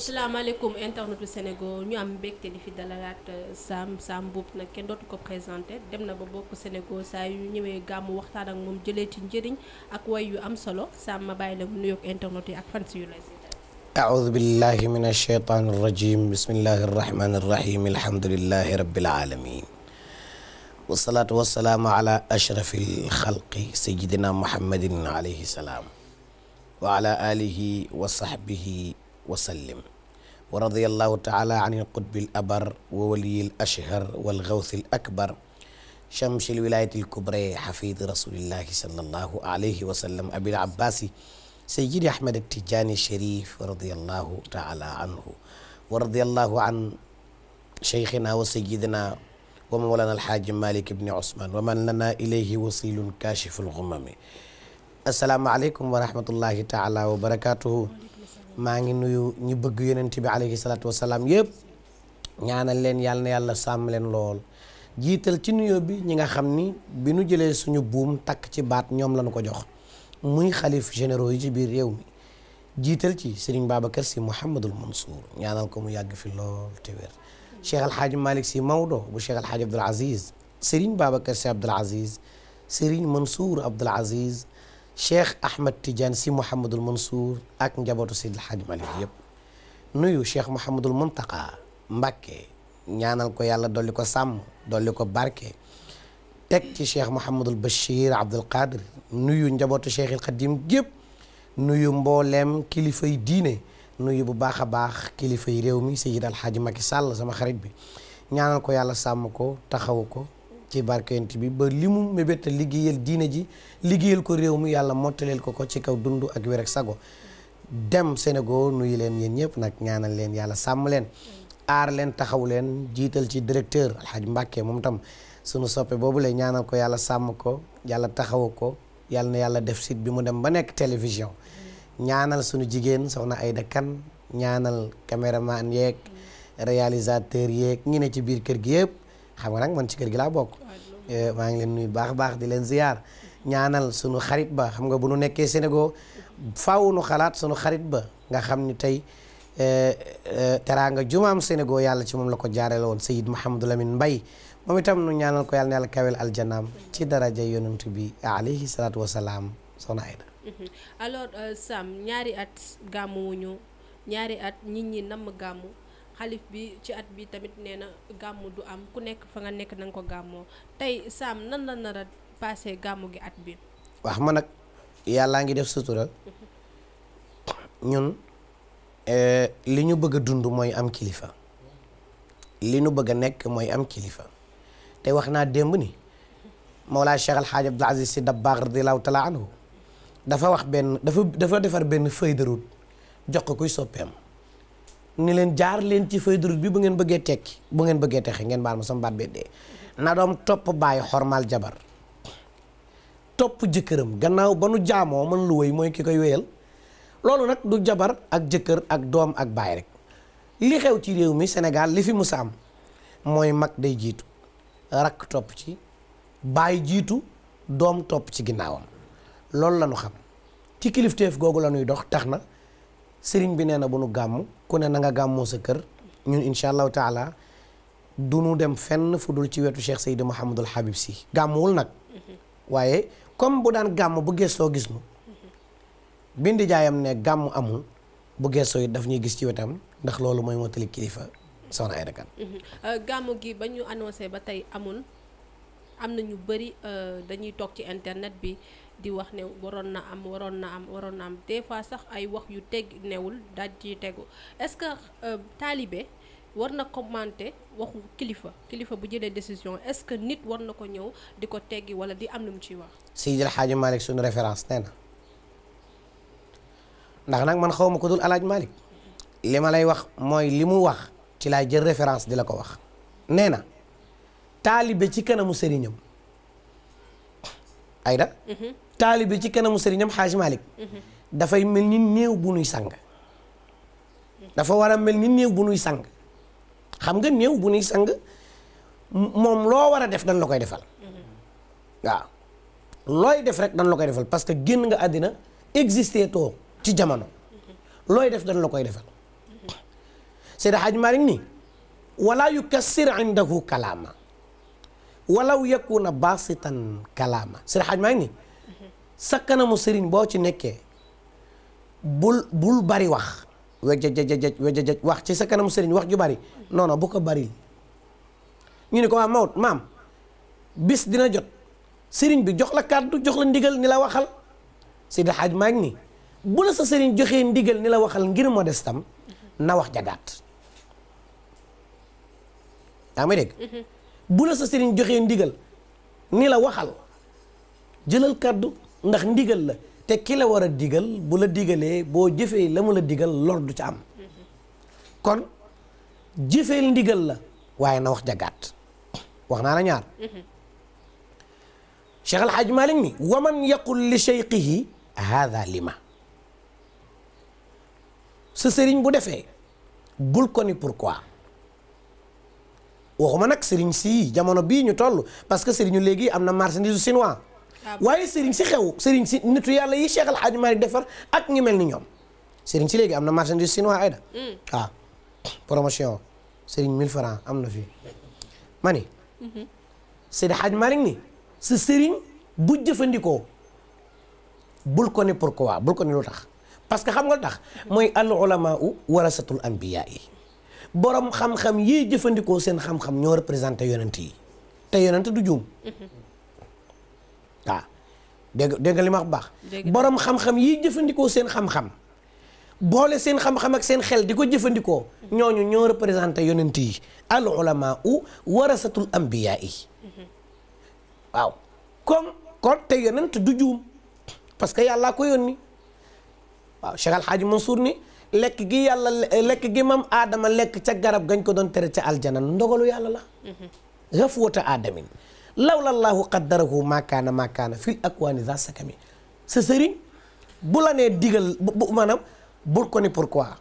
asalaamaaleykum internetu Sénégal ñu am mbégte di fi dalalaat euh, Sam Sam kenn dootu ko présenté dem na ba bokk Sénégal saa yu ñëwee gàmmu waxtaan ak moom jëlee ci njëriñ ak way yu am solo Sam ma bàyyi la mu yi ak fan si yu lay seetaan. aawudu billahi min ashaytaani rajim bismillahi arrahmani arrahim alhamdulillahi rabbil alamin wasalaatu wasalaamu ala ashrafil xalqi sayidina muhammadin alayhi salaam wa ala alihi wa sahbihi wa sallim wa radiyallahu taala an alqutbi alabar wa waliyi alashhar walgawthi alakbar chamsi lwilayati alkubra xafidi rasulillahi sallallahu alayhi wa sallam abil abbasi sayyidi ahmed atijani sharif radiyallahu taala anhu wa radiyallahu an cheikhina wa sayidina wa mawlana alxaaji malik ibni usman wa man lana ilayhi wasilun kashifu algumami assalaamu aleykum wa rahmatullahi taala wa barakatuhu maa ngi nuyu ñu bëgg yonent bi alayhi salaatu wasalaam yëpp ñaanal leen yàlla na yàlla sàmm leen lool jiital ci nuyoo bi ñi nga xam ni bi nu jëlee suñu buum takk ci baat ñoom lañu ko jox muy xalif généraux yi ci biir réew jiital ci Serigne Babacar Sy Mouhamadul Mansour ñaanal ko mu yàgg fi lool te wér Cheikh El Hadj Malick Sy Maodo bu Cheikh El Hadj Abdoul Aziz Serigne Babacar Sy Abdoul Aziz Serigne Mansour Abdoul Aziz cheikh Ahmed Tidiane si Mouhamadul Mansour ak njabootu Seydil Hadji Malick yëpp nuyu cheikh Mouhamadul Muntaqa Mbacke ñaanal ko yàlla dolli ko sàmm dolli ko barke. teg ci cheikh Mouhamadul Bachir Abdoul Qadir nuyu njabootu cheikh il Xadim yëpp nuyu mboolem kilifay diine nuyu bu baax a baax kilifay réew mi Seydil Hadji i Sall sama xarit bi ñaanal ko yàlla sàmm ko taxawu ko. ci barkent bi ba li mu mébéta liggéeyal diine ji liggéeyal ko réew mi yàlla mottaleel ko ko ci kaw dund ak wér sago dem Sénégal nuyu leen yéen ñëpp nag ñaanal leen yàlla sàmm leen aar leen taxaw leen jiital ci directeur Alxaaj Mbàkke moom tam sunu soppee boobu lay ñaanal ko yàlla sàmm ko yàlla taxaw ko yàlla na yàlla def sit bi mu dem ba nekk télévision ñaanal sunu jigéen na Ayda Kan ñaanal caméraman yeeg réalisateur yeeg ñi ne ci biir kër gi xam nga nag man ci kër gi laa bokk eh, maa ngi leen nuyu baax baax di leen ziyaar ñaanal sunu xarit ba xam nga bu nu nekkee Sénégal faw nu xalaat sunu xarit ba nga xam ni tey teraa eh, eh, teraanga jumaam Sénégal yàlla ci moom la ko jaarale woon Seyyid Mouhamadou Lamine mbay moom itam nu ñaanal ko yàlla na yàlla kawel aljanaam ci daraja yonent bi alayhi salaatu wasalaam soxna Aida mhm. alors euh, Sam ñaari at gàmmuwuñu ñaari at nit ñi namm gàmmu xalif bi ci at bi tamit nee na gàmmu du am ku nekk fa nga nekk na nga ko gàmmoo tey Sam nan la nar a gàmmu gi at bi wax ma nag yàllaa ngi def sutura ñun eh, li ñu bëgg dund mooy am kilifa li ñu bëgg a nekk mooy am kilifa te wax naa démb ni moo laa Al Hadj Abdoul si Sy Dabakh radiyallahu taala anhu dafa wax benn dafa dafa defar benn feuille jox ko kuy soppeem ni leen jaar leen ci feuille bi bu ngeen bëggee tekki bu ngeen bëggee texe ngeen baal ma sama baat bee dee na doom topp bàyyi xormal jabar topp jëkkëram gannaaw ba nu jaamoo man lu woy mooy ki koy wéyal loolu nag du jabar ak jëkkër ak doom ak baay rek li xew ci réew mi senegal li fi musa am mooy mag day jiitu rakk topp ci baay jiitu doom topp ci ginnaawam loolu la ñu xam ci kilifteef googu la ñuy dox tax na sëriñ bi nee na bu nu gàmm ku ne na nga gàmmoo sa kër ñun incha allahu taala du nu dem fenn fu dul ci wetu Cheikh Seydou Mouhamadul Habib si gàmmuwul nag waaye comme bu daan gàmm bu gëstoo gis nu bindi jaayam ne gàmm amul bu gëstoo it daf ñuy gis ci wetam ndax loolu mooy mottali kilifa soxna Aida Kane mhm. euh, gi ba ñu annoncé ba tey amul am na ñu bëri euh, dañuy toog ci internet bi. di wax ne waroon na am waroon na am waroon na am des sax ay wax yu teg newul daal ciy tegu est-ce que euh, taalibe war na commenter waxu kilifa kilifa bu jëlee décision est-ce que nit war na ko ñëw di ko teggi wala di am lu mu ciy wax. si El Hadji suñu référence nee na ndax nag man xaw ma ko dul El Hadji Malick li ma lay wax mooy li mu wax ci laay jël référence di la ko wax. nee na taalibe ci kanamu sëriñam ayda. Mhm. taalibe ci kanamu sëriñam xaaj Malick mhm. dafay mel ni néew bu nuy sang dafa war a mel ni néew bu nuy sang xam nga néew bu nuy sang moom loo war a def dañ la koy defal mhm. waaw looy def rek dañ la koy defal parce que génn nga àddina existé too ci jamono mhm. looy def dañ la koy defal Seydi Xaaj Malick ni wala yukassir indahu kalaama walaw yakuna basitan kalaama Seydi Xaaj Malick sa kanamu sëriñ boo ci nekkee bul bul bari wax wejjajjaj wejjajaj wax ci sa kanamu sëriñ wax ju bari non bu ko bari ñu ne ko waa Maodo maam bis dina jot sëriñ bi jox la kàddu jox la ndigal ni la waxal Seydi Hadj ni bu sa sëriñ joxee ndigal ni la waxal ngir moo des tam na wax jagaat yaa may dégg mhm. bu la sa sëriñ joxee ndigal ni la waxal jëlal kàddu ndax ndigal la te ki la war a diggal bu la digalee boo jëfee la mu la digal lor du ca am kon jëfeel ndigal la waaye na wax jagaat wax naa la ñaar Cheikh Al Hadj Malick mi wa man yaqul li cheikhihi haada lima sa sëriñ bu defee bul ko ni pourquoi waxuma nag sëriñ sii jamono bii ñu toll parce que sëriñu léegi am na marchandise chinois waaye sëriñ si xew sëriñ si nitu yàlla yi Cheikh Al Hadj defar ak ñu mel ni ñoom sëriñ si léegi am na marchandise chinois ayda waaw mm. ah, promotion sëriñ 1000 francs am na fii ma ni mhm. Seydi Hadj Malick ni sa sëriñ bu jëfandikoo bul ko pour pourquoi bul ko ne lu tax parce que xam nga lu tax mooy al ulama u warasatul anbiya yi boroom xam-xam yi jëfandikoo seen xam-xam ñoo représenté yonent yi te yonent du juum mhm. dégg dégg nga li ma wax baax borom xam-xam yi jëfandikoo seen xam-xam boole seen xam-xam ak seen xel di ko jëfandikoo ñooñu ñoo représenté yonent yi al ulama u warasatul ambiya yi waaw comme kon te yonent du juum parce que yàllaa ko yónni waaw Cheikh Al Hadj ni lekk gi yàlla lekk gi mam aadama lekk ca garab gañ ko doon tere ca aljana ndogalu yàlla la rafwata mhm. aadamin la llaahu qaddarahu maakaana maakaana fil akwaani za sakami sa sëriñ bu la nee digal bu maanaam bul ko ni pourquoi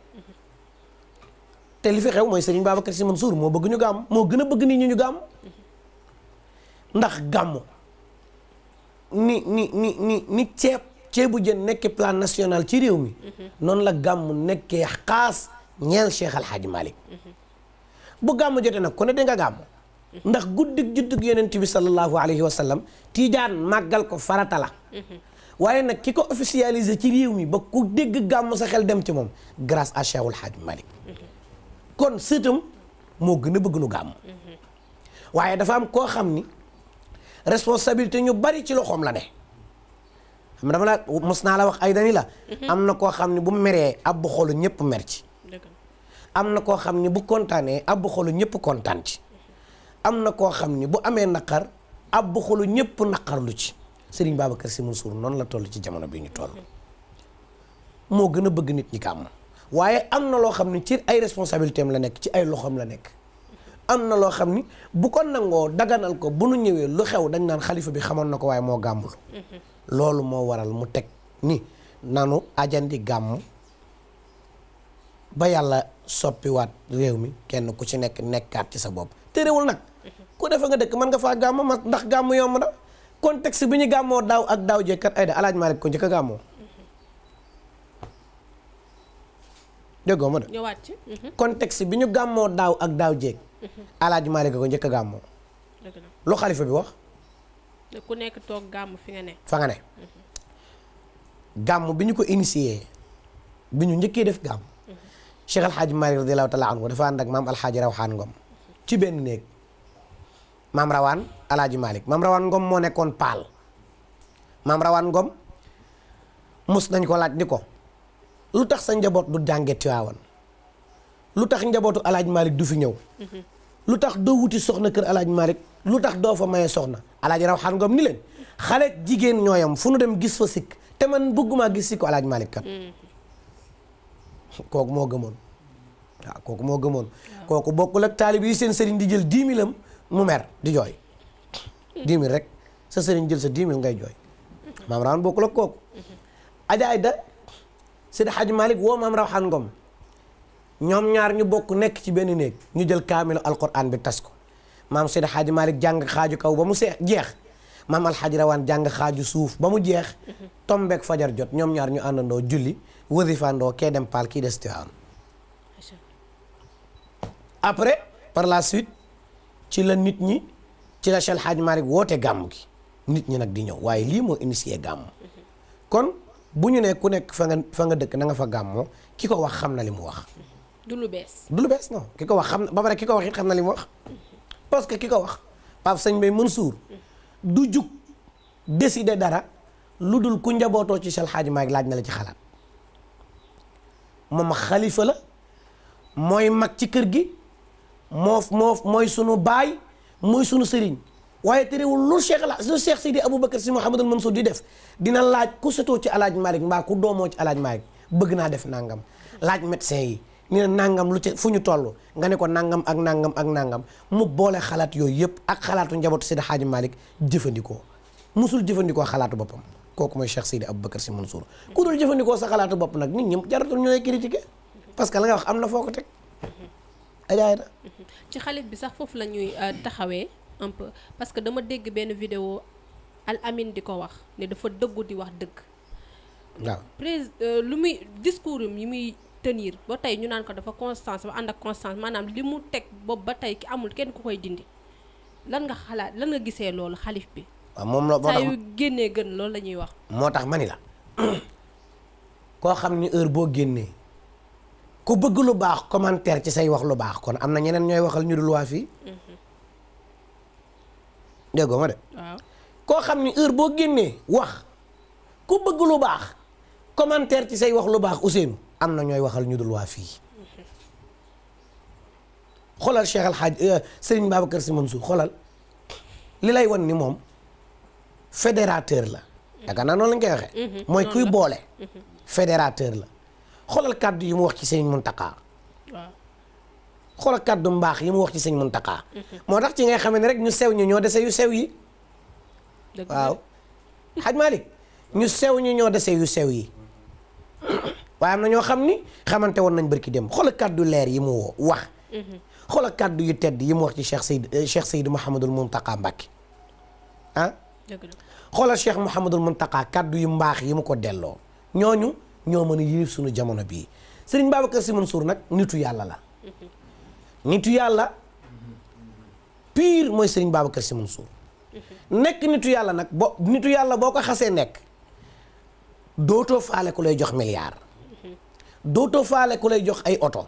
te li fi xew mooy sëriñ Babacar Sy Mansour moo bëgg ñu gàmm moo gën a bëgg nit ñu gàmm ndax gàmm ni ni ni ni ceeb ceebu jën nekkee plan national ci réew mi noonu la gàmm nekkee xaas ñeel Cheikh Al Hadj Malick bu gàmm jotee nag ku ne da nga ndax guddig juddug yonent bi sallallahu alayhi wa tiijaan màggal ko farata la waaye nag ki ko officialisé ci réew mi ba ku dégg gàmm sa xel dem ci moom grâce à Cheikhul Hadj Malick kon sëtam moo gën a bëgg nu gàmm waaye dafa am koo xam ni responsabilité ñu bari ci loxoom la ne xam la mos naa la wax ay dani la am na koo xam ne bu meree ab bu xolu ñëpp mer ci am na koo xam ne bu kontaanee ab bu xolu ñëpp kontaan ci am na koo xam ni bu amee naqar ab bu xulu ñëpp ci lu ci Serigne Babacar Sy Mansour noonu la toll ci jamono bi ñu toll moo gën a bëgg nit ñi gàmm waaye am na loo xam ni ci ay responsabilité la nekk ci ay loxoom la nekk am na loo xam ni bu ko nangoo daganal ko bu nu ñëwee lu xew dañ naan xalifa bi xamoon na ko waaye moo gàmmul loolu moo waral mu teg ni nanu ajandi gàmm ba yàlla soppiwaat réew mi kenn ku ci nekk nekkaat ci sa bopp terewul nag ku ne nga dëkk man nga faa gàmm ndax gàmm yomb na contexte bi ñu gàmmoo daaw ak daaw jekkat da alaaj ko njëkk a gàmmoo déggoo ma mhm. bi ñu gàmmoo daaw ak daaw jéeg mhm. alaaj Maalik ko njëkk a gàmmoo lu xalifa bi wax ku nekk toog gàmm fi nga ne fa nga ne mhm. gàmm bi ñu ko initié bi ñu njëkkee def gàmm Cheikh Alxaaji Maalik radiyallaahu taala anhu dafa ànd ak maam Alxaaji Rawxaan Ngom ci benn néeg maam rawaan alaaji Malick maam rawaan Ngom moo nekkoon paal maam rawaan Ngom mus nañ ko laaj ni ko lu tax sa njaboot du jànge Tiwaawan lu tax njabootu alaaji Malick du fi ñëw mhm. lu tax doo wuti soxna kër alaaji Malick lu tax doo fa maye soxna alaaji rawaan Ngom ni leen xale jigéen ñooyam fu nu dem gis fa sikk te man bëgguma gis sikku alaaji Malick mm. kooku moo gëmoon kooku moo gëmoon kooku bokkul ak taalib yi seen sëriñ di jël dix mille mu mer di jooy dix rek sa sëriñ jël sa dix ngay jooy maam rawan bokkul ak kooku aja ay da sidi xaj malik woo maam raw xaan ñoom ñaar ñu bokk nekk ci benn néeg ñu jël kaamilu alquran bi tas ko maam sidi xaaj malik jàng xaaju kaw ba mu see jeex maam alxaaj rawaan jàng xaaju suuf ba mu jeex tombeek fajar jot ñoom ñaar ñu àndandoo julli wëzifaandoo kee dem paal kii des tiwaan après par la suite ci la nit ñi ci la Cheikh xaaj Malick woote gàmm gi nit ñi nag di ñëw waaye lii moo initié gàmm kon bu ñu ne ku nekk fa nga fa nga dëkk na nga fa gàmmoo ki ko wax xam na li mu wax. du lu bees du lu bees non ki ko wax xam ba pare ki ko wax it xam na li mu wax parce que ki ko wax Pape Sëñ Bay Mansour du jug décider dara lu dul ku njabootoo ci Cheikh Hadj Malick laaj na la ci xalaat moom xalifa la mooy mag ci kër gi. moof moof mooy sunu baay mooy sunu sëriñ waaye terewul lu cheikh la lu cheikh Seydi Aboubacar si Mouhamadul Mansour di def dina laaj ku setoo ci alaaj Malick mbaa ku doomoo ci alaaj Malick bëgg naa def nangam laaj médecin yi ni ne nangam lu ci fu ñu toll nga ne ko nangam ak nangam ak nangam mu boole xalaat yooyu yëpp ak xalaatu njabootu Seydi Hadji Malick jëfandikoo musul jëfandikoo xalaatu boppam kooku mooy cheikh Seydi Aboubacar si Mansour ku dul jëfandikoo sa xalaatu bopp nag nit ñi jaratul ñooy parce que la nga am na foo ko teg ajaay na ci xalif bi sax foofu la ñuy euh, taxawee un peu parce que dama dégg benn vidéo al amin di ko wax ne dafa dëggu di wax dëgg waaw prés euh, lu muy discours yi muy tenir ba tey ñu naan ko dafa constance ba ànd ak constance maanaam li mu teg boobu ba tey ki amul kenn ku koy dindi lan nga xalaat lan nga gisee loolu xalif bi moom la saa yu génnee gën loolu la ñuy wax moo tax ma ni la koo xam ni heure boo génnee ku bëgg lu baax commentaire ci say wax lu baax kon am na ñeneen ñooy waxal ñu dul waa fii. Mm-hmm. déggoo ma de. koo xam ni heure boo génnee wax ku bëgg lu baax commentaire ci say wax lu baax Ousseynou am na ñooy waxal ñu dul waa fii. Mm-hmm. xoolal Cheikh Al Hadj euh, Serigne Babacar Sy Mansour xoolal li lay wan ni moom fédérateur la. Mm-hmm. yaakaar naa noonu lañ koy waxee. mooy kuy boole. fédérateur la. xoolal kàddu yi mu wax ci sëñ Muntaqa waaw xoolal kàddu mbaax yi mu wax ci sëñ Muntaqa mm-hmm. moo tax ci ngay xamee ne rek ñu sew ñu ñoo dese yu sew yi waaw xaj Malick ñu sew ñu ñoo dese yu sew yi waaye am na ñoo xam ni xamante woon nañ bërki dem xoolal kàddu leer yi mu wax mm-hmm. xoolal kàddu yu tedd yi mu wax ci Cheikh Seyd eh, Cheikh Seyd Mouhamadul Muntaqa Mbacke ah xoolal Cheikh Mouhamadul Muntaqa kàddu yu mbaax yi mu ko delloo ñooñu ñoo mën a suñu jamono bii sëriñ Babacar Sy Mansour nag nitu yàlla la yàlla pire mooy sëriñ Babacar Sy Mansour nekk nitu yàlla nag bo nitu yàlla boo ko xasee nekk dootoo faale ku lay jox milliard dootoo faale ku lay jox ay oto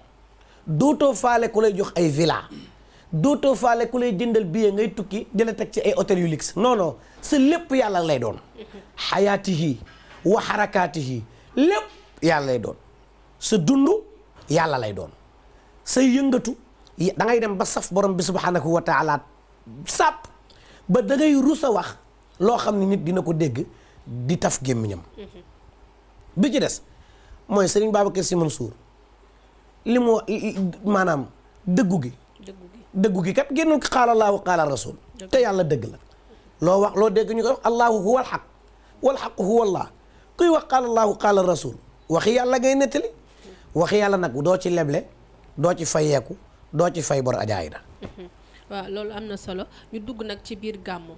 dootoo faale ku lay jox ay villa dootoo faale ku lay jëndal billet ngay tukki di la teg ci ay hôtel yu luxe non lépp yàlla lay doon mm-hmm. xayaatihi wa xarakaatihi lépp yàlla lay doon sa dund yàlla lay doon sa yëngatu da ngay dem ba saf borom bi subhanahu wa taala sàpp ba da ngay rus a wax loo xam ne nit dina ko dégg di taf gémmiñam mm-hmm. bi ci des mooy Serigne Babacar Sy Mansour li mu maanaam dëggu gi dëggu gi kat génnul qaala allaahu qaala rasul te yàlla dëgg la loo wax loo dégg ñu ko wax huwa alxaq huwa allah kuy wax qaala allahu qaala rasul yàlla ngay nettali waxi yàlla nag doo ci leble doo ci fayeeku doo ci fay bor ajaay na loolu am na solo ñu dugg nag ci biir gàmmu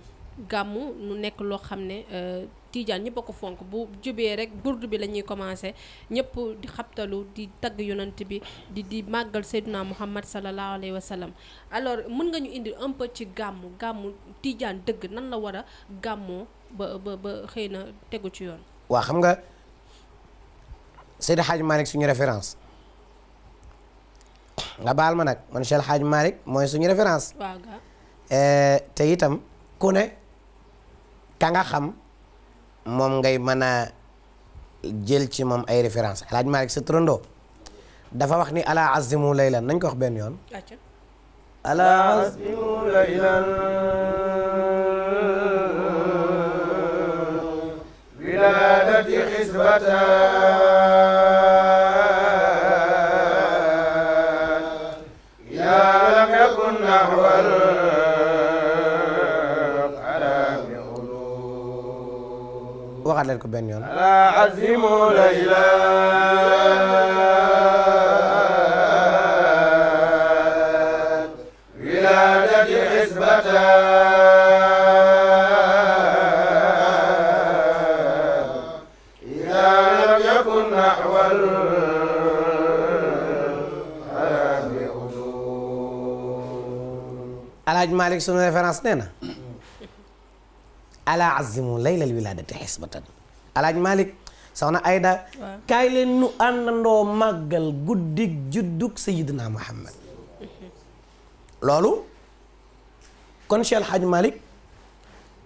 gàmmu nu nekk loo xam ne euh, tijaan ñëpp a ko fonk bu jubee rek burdu bi la ñuy commencé ñëpp di xabtalu di tagg yonant bi di di màggal seyduna muhammad salallahu alayhi wa sallam alors mën nga ñu indi un ci gàmmu gàmmu tijaan dëgg nan la war a gàmmoo ba ba ba xëy na tegu ci yoon waa xam nga Seydi Hadj Malick suñu référence nga baal ma nag man Cheikh Hadj Malick mooy suñu référence. Eh, te itam ku ne ka nga xam moom ngay mën a jël ci moom ay référence El Hadj Malick sa turandoo dafa wax ni ala azimu laylan nañ ko wax benn yoon. ala azimu laylan waxaat leen ko benn yoon Malick sunu loolu kon Cheikh Alhaj Malick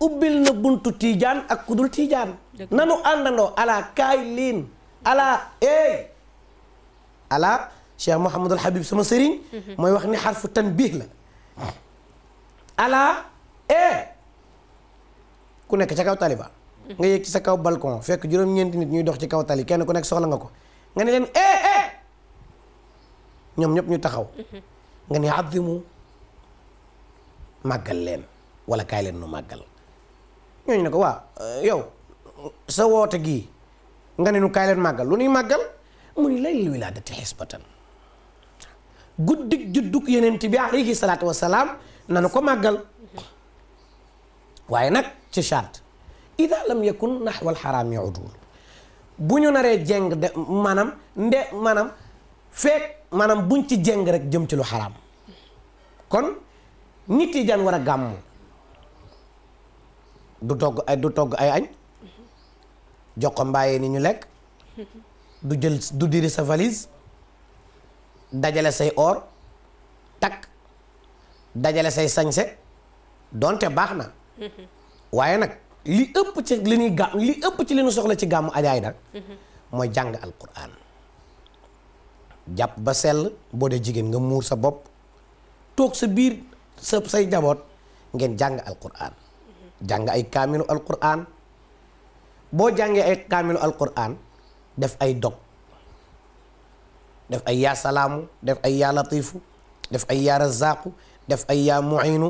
ubbil na buntu tiijaan ak kudul tiijaan nanu àndandoo ala kaay leen ala eey eh, ala Cheikh Habib sama sëriñ mhm. mooy wax ni xarfu tanbih la ala eh! ku nekk ca kaw tali ba mm-hmm. nga yéeg ci sa kaw balcon fekk juróom-ñeenti nit ñuy dox ci kaw tali kenn ku nekk soxla nga ko nga ne leen eh eh ñoom ñëpp ñu taxaw mm-hmm. nga ne azimu màggal leen wala eh, yow sa woote gii nga ne nu kaay leen màggal lu nuy màggal mu ni lay wilaadati xisbatan guddik judduk yeneen bi alayhi salaatu wasalaam nanu ko màggal waaye nag ci charte ida lam yakun naxwal xaraam yaudul bu ñu naree jeng de maanaam nde maanaam feek maanaam buñ ci jeng rek jëm ci lu xaraam kon nit yi daan war a gàmm du togg ay du togg ay añ jox ko mbaayee ni ñu lekk du jël du diri sa valise dajale say or takk dajale say sañse doonte baax na waaye nag li ëpp ci li gàmm li ëpp ci li soxla ci gàmmu ajaay da mooy jàng alquran jàpp ba sell boo dee jigéen nga muur sa bopp toog sa biir sa say jaboot ngeen jàng alquran jàng ay kaamilu alquran boo jàngee ay kaamilu alquran def ay dog def ay yaa salaamu def ay yaa latifu def ay yaa razaaku def ay yaa muinu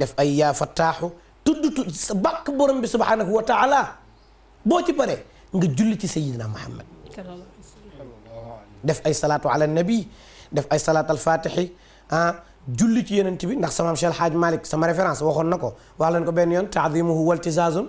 def ay yaa fattaaxu tudd tudd sa bàkk borom bi subhaanahu wa taala boo ci pare nga julli ci sayidina muhammad def ay salaatu ala nabi def ay salaat al fatixi ah julli ci yenent bi ndax sama Cheikh Alhaaj Malick sama référence waxoon na ko wax leen ko benn yoon taadimuhu waltisaasun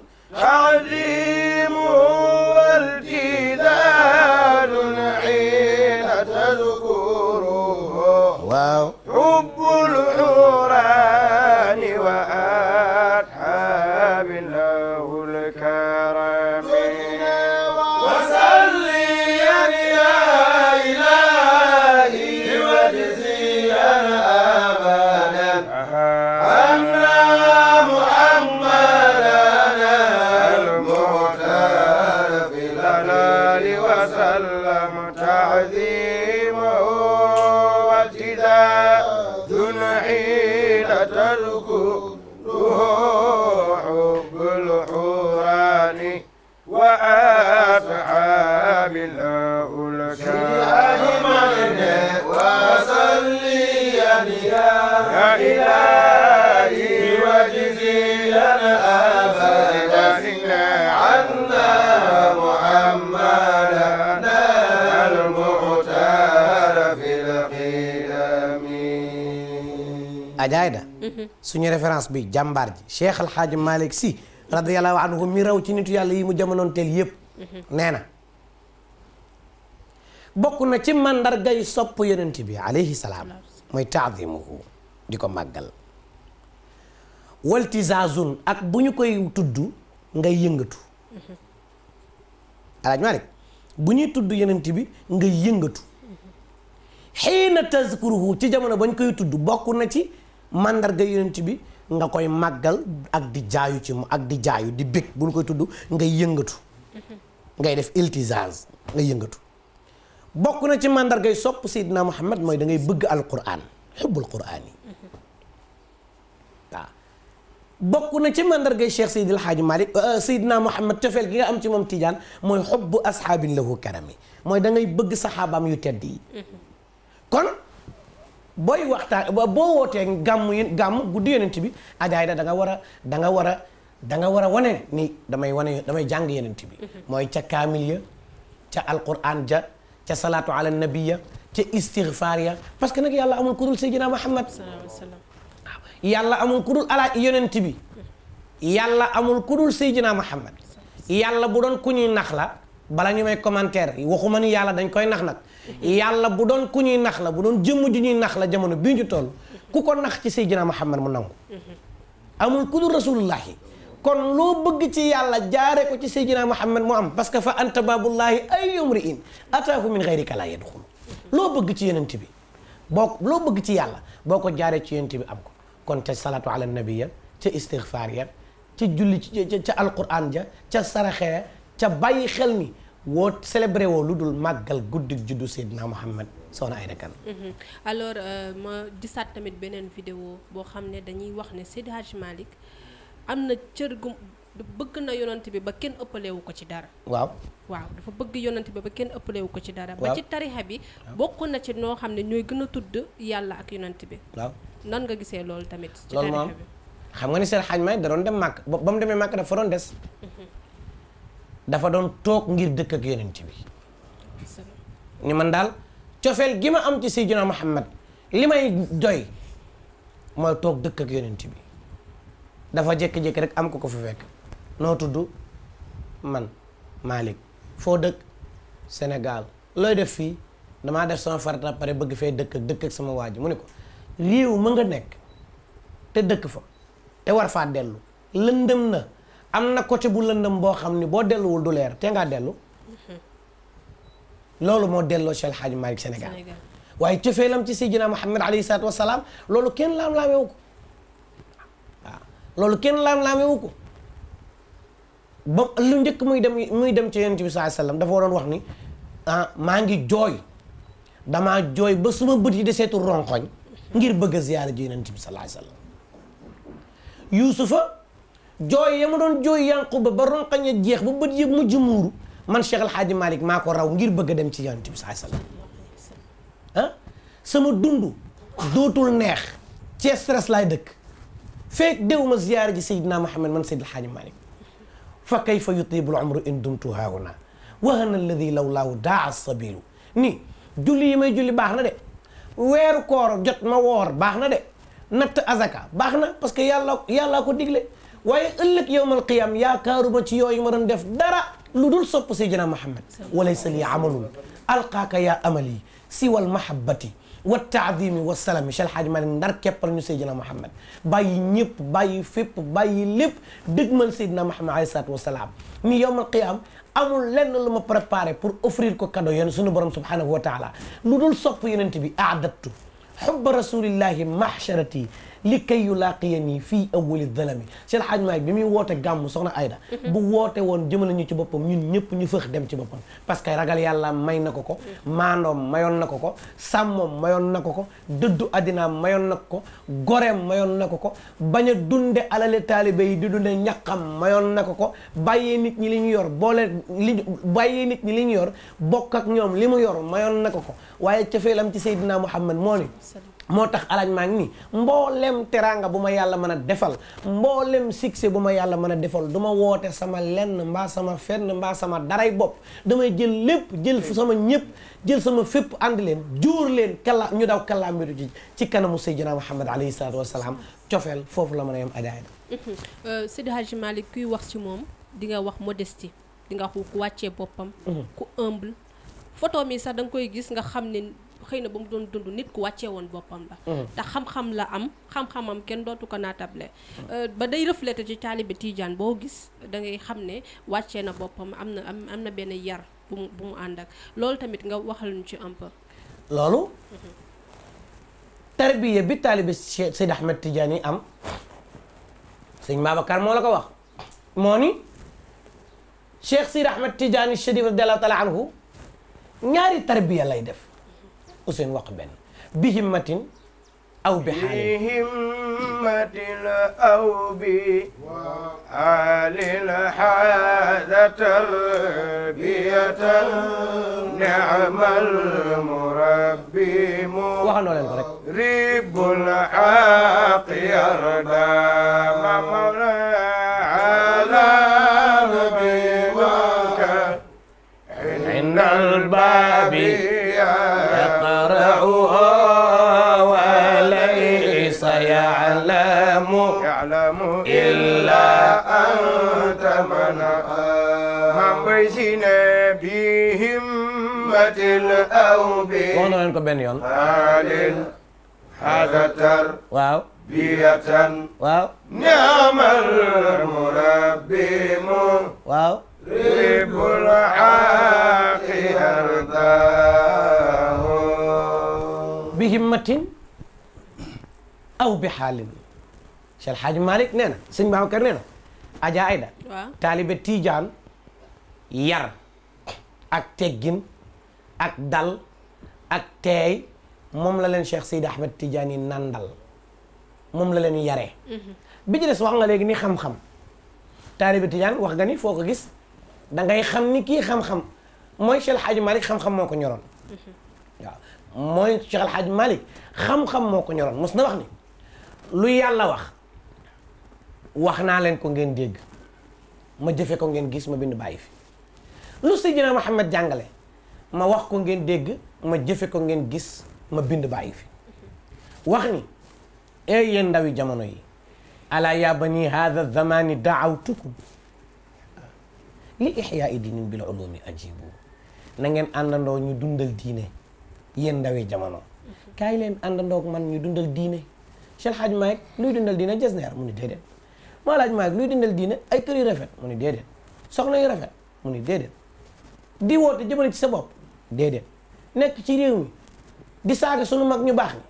إلهي وجزينا أبدا عنا محمدا المعتار في القدم ajaayda mhm. suñu référence bi jàmbaar ji Cheikh El Hadj Malick Sy radiyallahu anhu mi raw ci nitu yàlla yi mu jamonoon teel yépp mhm. nee na bokk na ci mandargay sopp yonent bi alayhi salaam mooy taadimuhu di ko màggal waltisaazun ak bu ñu koy tudd ngay yëngatu alaaj maa rek bu ñuy tudd yenent bi ngay yëngatu xiina tazkuruhu ci jamono bañ koy tudd bokk na ci màndarga yenent bi nga koy màggal ak di jaayu ci ak di jaayu di bég bu ñu koy tudd ngay yëngatu ngay def iltizaaz nga yëngatu bokk na ci màndargay sopp Seydina Muhammad mooy da ngay bëgg alquran xubbul quraan yi bokk na ci mandargay cheikh Seydi El Hadji Malick euh, Seydina Mouhamed cofeel gi nga am ci moom Tidiane mooy xubbu asxaabin lahu karami mooy da ngay bëgg saxaabaam yu tedd yi. kon booy waxtaan boo wootee gàmm yi gàmm guddi yonent bi ajaay da nga war a da nga war a da nga war a wane nii damay wane damay jàng yonent bi. mooy ca kaamil ya ca alquran ja ca salaatu ala nabiya ca istighfar ya parce que nag yàlla amul ku dul Seydina yàlla amul ku dul ala bi yàlla amul ku dul Seydina Muhammad yàlla bu doon ku ñuy nax la balaa ñu may commentaire waxuma ni yàlla dañ koy nax nag yàlla bu doon ku ñuy nax la bu doon jëmm ju ñuy nax la jamono bii ñu toll ku ko nax ci Seydina Muhammad mu nangu amul ku dul rasulullahi kon loo bëgg ci yàlla jaare ko ci Seydina Muhammad mu am parce que fa anta baabullahi ay umriin ataahu min gayrika laa yadxulu loo bëgg ci yonent bi boo loo bëgg ci yàlla boo ko jaaree ci yonent bi am ko kon ca salaatu ala nabi ya ca istixfaar ya ca julli ca ca alquran ja ca saraxee ca bàyyi xel ni woo célébré woo lu dul màggal guddig juddu Seydina Muhammad soxna Aida Kane mhm. alors euh, ma di gisaat tamit beneen vidéo boo xam ne dañuy wax ne Seydi Hadj Malick am na cër gu bëgg na yonent bi ba kenn ëppalewu ko ci dara waaw waaw dafa bëgg yonent bi ba kenn ëppalewu ko ci dara ba ci tarixa bi bokk na ci noo xam ne ñooy gën a tudd yàlla ak yonent bi nan nga gisee loolu tamit. ci loolu moom xam nga ni seen xaaj may da doon dem màkk ba mu demee màkk dafa doon des. Mhm. dafa doon toog ngir dëkk ak yonent bi ni man daal cofeel gi ma am ci Seydina Muhammad li may doy mooy toog dëkk ak yonent bi dafa jékki-jékki rek am ko ko fu fekk noo tudd man Malick foo dëkk Sénégal looy def fii damaa def sama farata pare bëgg fee dëkk ak dëkk ak sama waa ji mu ne ko réew ma nga nekk te dëkk fa te war faa dellu lëndëm na am na côté bu lëndëm boo xam ni boo delluwul du leer te ngaa dellu loolu moo delloo Cheikh Hadj Malick Sénégal waaye cofeelam ci Seydina Muhammad alayhi salaatu wa salaam loolu kenn laam-laamewu ko waaw loolu kenn laam-laamewu ko ba lu njëkk muy dem muy dem ci yonent bi saa sallam dafa waroon wax ni ah, maa ngi jooy damaa jooy ba suma bët yi deseetu ronkoñ ngir bëgg a ziyaara ji yonent bi sallallahu alayhi wasallam yuusufa jooy ya ma doon jooy yanquba ba ronqañ a jeex ba bët yëpp mujj muuru man Cheikh El Hadj Malick maa ko raw ngir bëgg a dem ci yonent bi sallallahu alayhi wasallam ah sama dund dootul neex ci stress laay dëkk feek déw ma ziyaara ji Seydina Muhammad man Seydi El Hadj Malick fa kayfa yutibu al umru in dumtu haahuna wahana alladi law laaw daa sabilu ni julli yi may julli baax na de weeru koor jot ma woor baax na de natt azaka baax na parce que yàlla yàllaa ko digle waaye ëllëg yowmal qiyam yaakaaruma ci yooyu ma doon def dara lu dul sopp sayyidina Muhammad walaysa li amalun alqaaka yaa amali siwal mahabbati wa taadimi wa salami chal xaaj ma leen ndar keppal ñu sayyidina Muhammad bàyyi ñëpp bàyyi fépp bàyyi lépp dëgmal sayyidina Muhammad alayhi salaatu wa salaam ni yowmal qiyam amul lenn lu ma préparé pour offrir ko cadeau yéen sunu borom subhanahu wa taala lu dul sopp yonent bi aadabtu xubba rasulillahi mahsharati li kay yu laaqiya nii fii awali dalami Cheikh Hadj Malick bi muy woote gàmmu soxna Aida mhm. bu woote woon jëmale ñu ci boppam ñun ñëpp ñu fëx dem ci boppam parce que ragal yàlla may na ko ko mhm. maandoom mayoon na ko ko sàmmoom mayoon na ko ko dëddu àddinaam mayoon na ko ko goreem mayoon na ko ko bañ a dunde alale taalibe yi di dunde ñaqam mayoon na ko ko bàyyee nit ñi li ñu yor boole li bàyyee nit ñi li ñu yor bokk ak ñoom li mu yor mayoon na ko ko waaye cafeelam ci Seydina Muhammad moo moo tax alaaj maa ngi ni mboolem teraanga bu ma yàlla mën a defal mboolem succès bu ma yàlla mën a defal du woote sama lenn mbaa sama fenn mbaa sama daray bopp damay jël lépp jël sama ñëpp jël sama fépp ànd leen jóor leen kala ñu daw kalaamitu ji ci kanamu Seydina Muhammad alayhi salaatu wasalaam cofeel foofu la mën a yem adaay na mhm. euh, Seydi Hadji Malick kuy wax ci moom di wax modestie di nga wax ku wàccee boppam mhm. ku humble photo mi sax da koy xëy na ba mu doon dund nit ku wàccee woon boppam la mm. te xam-xam la am xam-xamam kenn dootu ko naatable mm. euh, ba day reflété ci taalibe Tijaan boo gis dangay xam ne wàcce na boppam am na am na benn yar bu mu bu ànd ak loolu tamit nga waxal ñu ci un loolu mm-hmm. tarbiya bi taalibe Seyd Ahmed Tijaan yi am sëñ Babacar moo la ko wax moo ni Cheikh Sir Ahmed Tidiane Chérif radiallahu taala anhu ñaari tarbiya lay def Ousseynou wax benn bi himmatin aw bi xaalin bi himmatin aw bi xaalin xaada tarbiyatan ni'mal murabbi waxandoo leen ko rek ribul xaq yarda mamala عند الباب يعلم إلا أنت من من بيسنا بهمة الأوبي قولنا لنكم بنيون حال حذتر واو بيتا واو نعم المربي واو ريب الحق يرضاه بهمة أو بحال Cheikh Hadj Malick nee na sëñ Babacar nee na Adja Aida waaw taalibe Tiijaan yar ak teggin ak dal ak teey moom la leen Cheikh Seydi Ahmed Tiijaan yi nandal moom la leen yaree mhm. bi ci des wax nga léegi ni xam-xam taalibe Tiijaan wax nga ni foo ko gis da xam ni kii xam-xam mooy Cheikh Hadj Malick xam-xam moo ko ñoroon mhm. waaw moo ko ñoroon mos na wax ni lu yàlla wax wax naa leen ko ngeen dégg ma jëfe ko ngeen gis ma bind bàyyi fi lu Seydina Muhammad jàngale ma wax ko ngeen dégg ma jëfe ko ngeen gis ma bind bàyyi fi wax ni ey yéen ndawi jamono yi ala ya bani hada zamani daawtukum li ixyaai dinin bil ulumi ajibu na ngeen àndandoo ñu dundal diine yéen ndawi jamono kaay leen àndandoo man ñu dundal diine Cheikh Hadj Malick luy dundal diine jasneer mu ni déedéet maa laaj maa luy dindal diine ay kër yu rafet mu ni déedéet soxna yu rafet mu ni déedéet di woote jëmale ci sa bopp déedéet nekk ci réew di saaga sunu mag ñu baax ni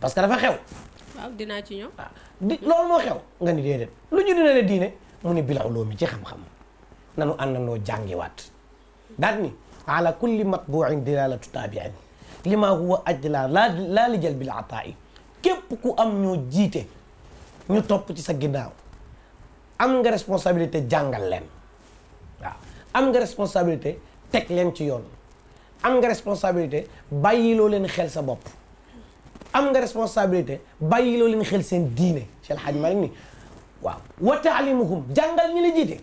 parce que dafa xew. dinaa ci ñëw. Ah, di loolu moo xew nga ni déedéet lu ñu dina la diine mu ni bilaw loo mi ci xam-xam nanu àndandoo jàngiwaat daal ni ala kulli matbuin dilalatu taabiin lima huwa ajla laa li bil ataa képp ku am ñoo jiite. ñu topp ci sa ginnaaw am nga responsabilité jàngal leen am nga responsabilité teg leen ci yoon am nga responsabilité bàyyiloo leen xel sa bopp am nga responsabilité bàyyiloo leen xel seen diine Cheikh El Hadj Malick ni waaw wa taalimuhum jàngal ñi la jiite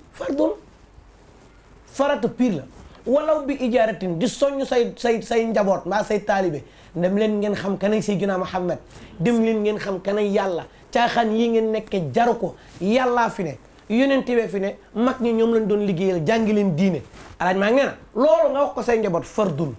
farata piir la walaw bi ijaaratin di soññ say say say njaboot mbaa say taalibe dem leen ngeen xam kanay Seydina Muhammad dem leen ngeen xam kanay yàlla caaxaan yi ngeen nekk jaru ko yàllaa fi ne yonente fi ne mag ñi ñoom lañ doon liggéeyal jàngi leen diine alaaj maa ngi nee loolu nga wax ko say njaboot fardul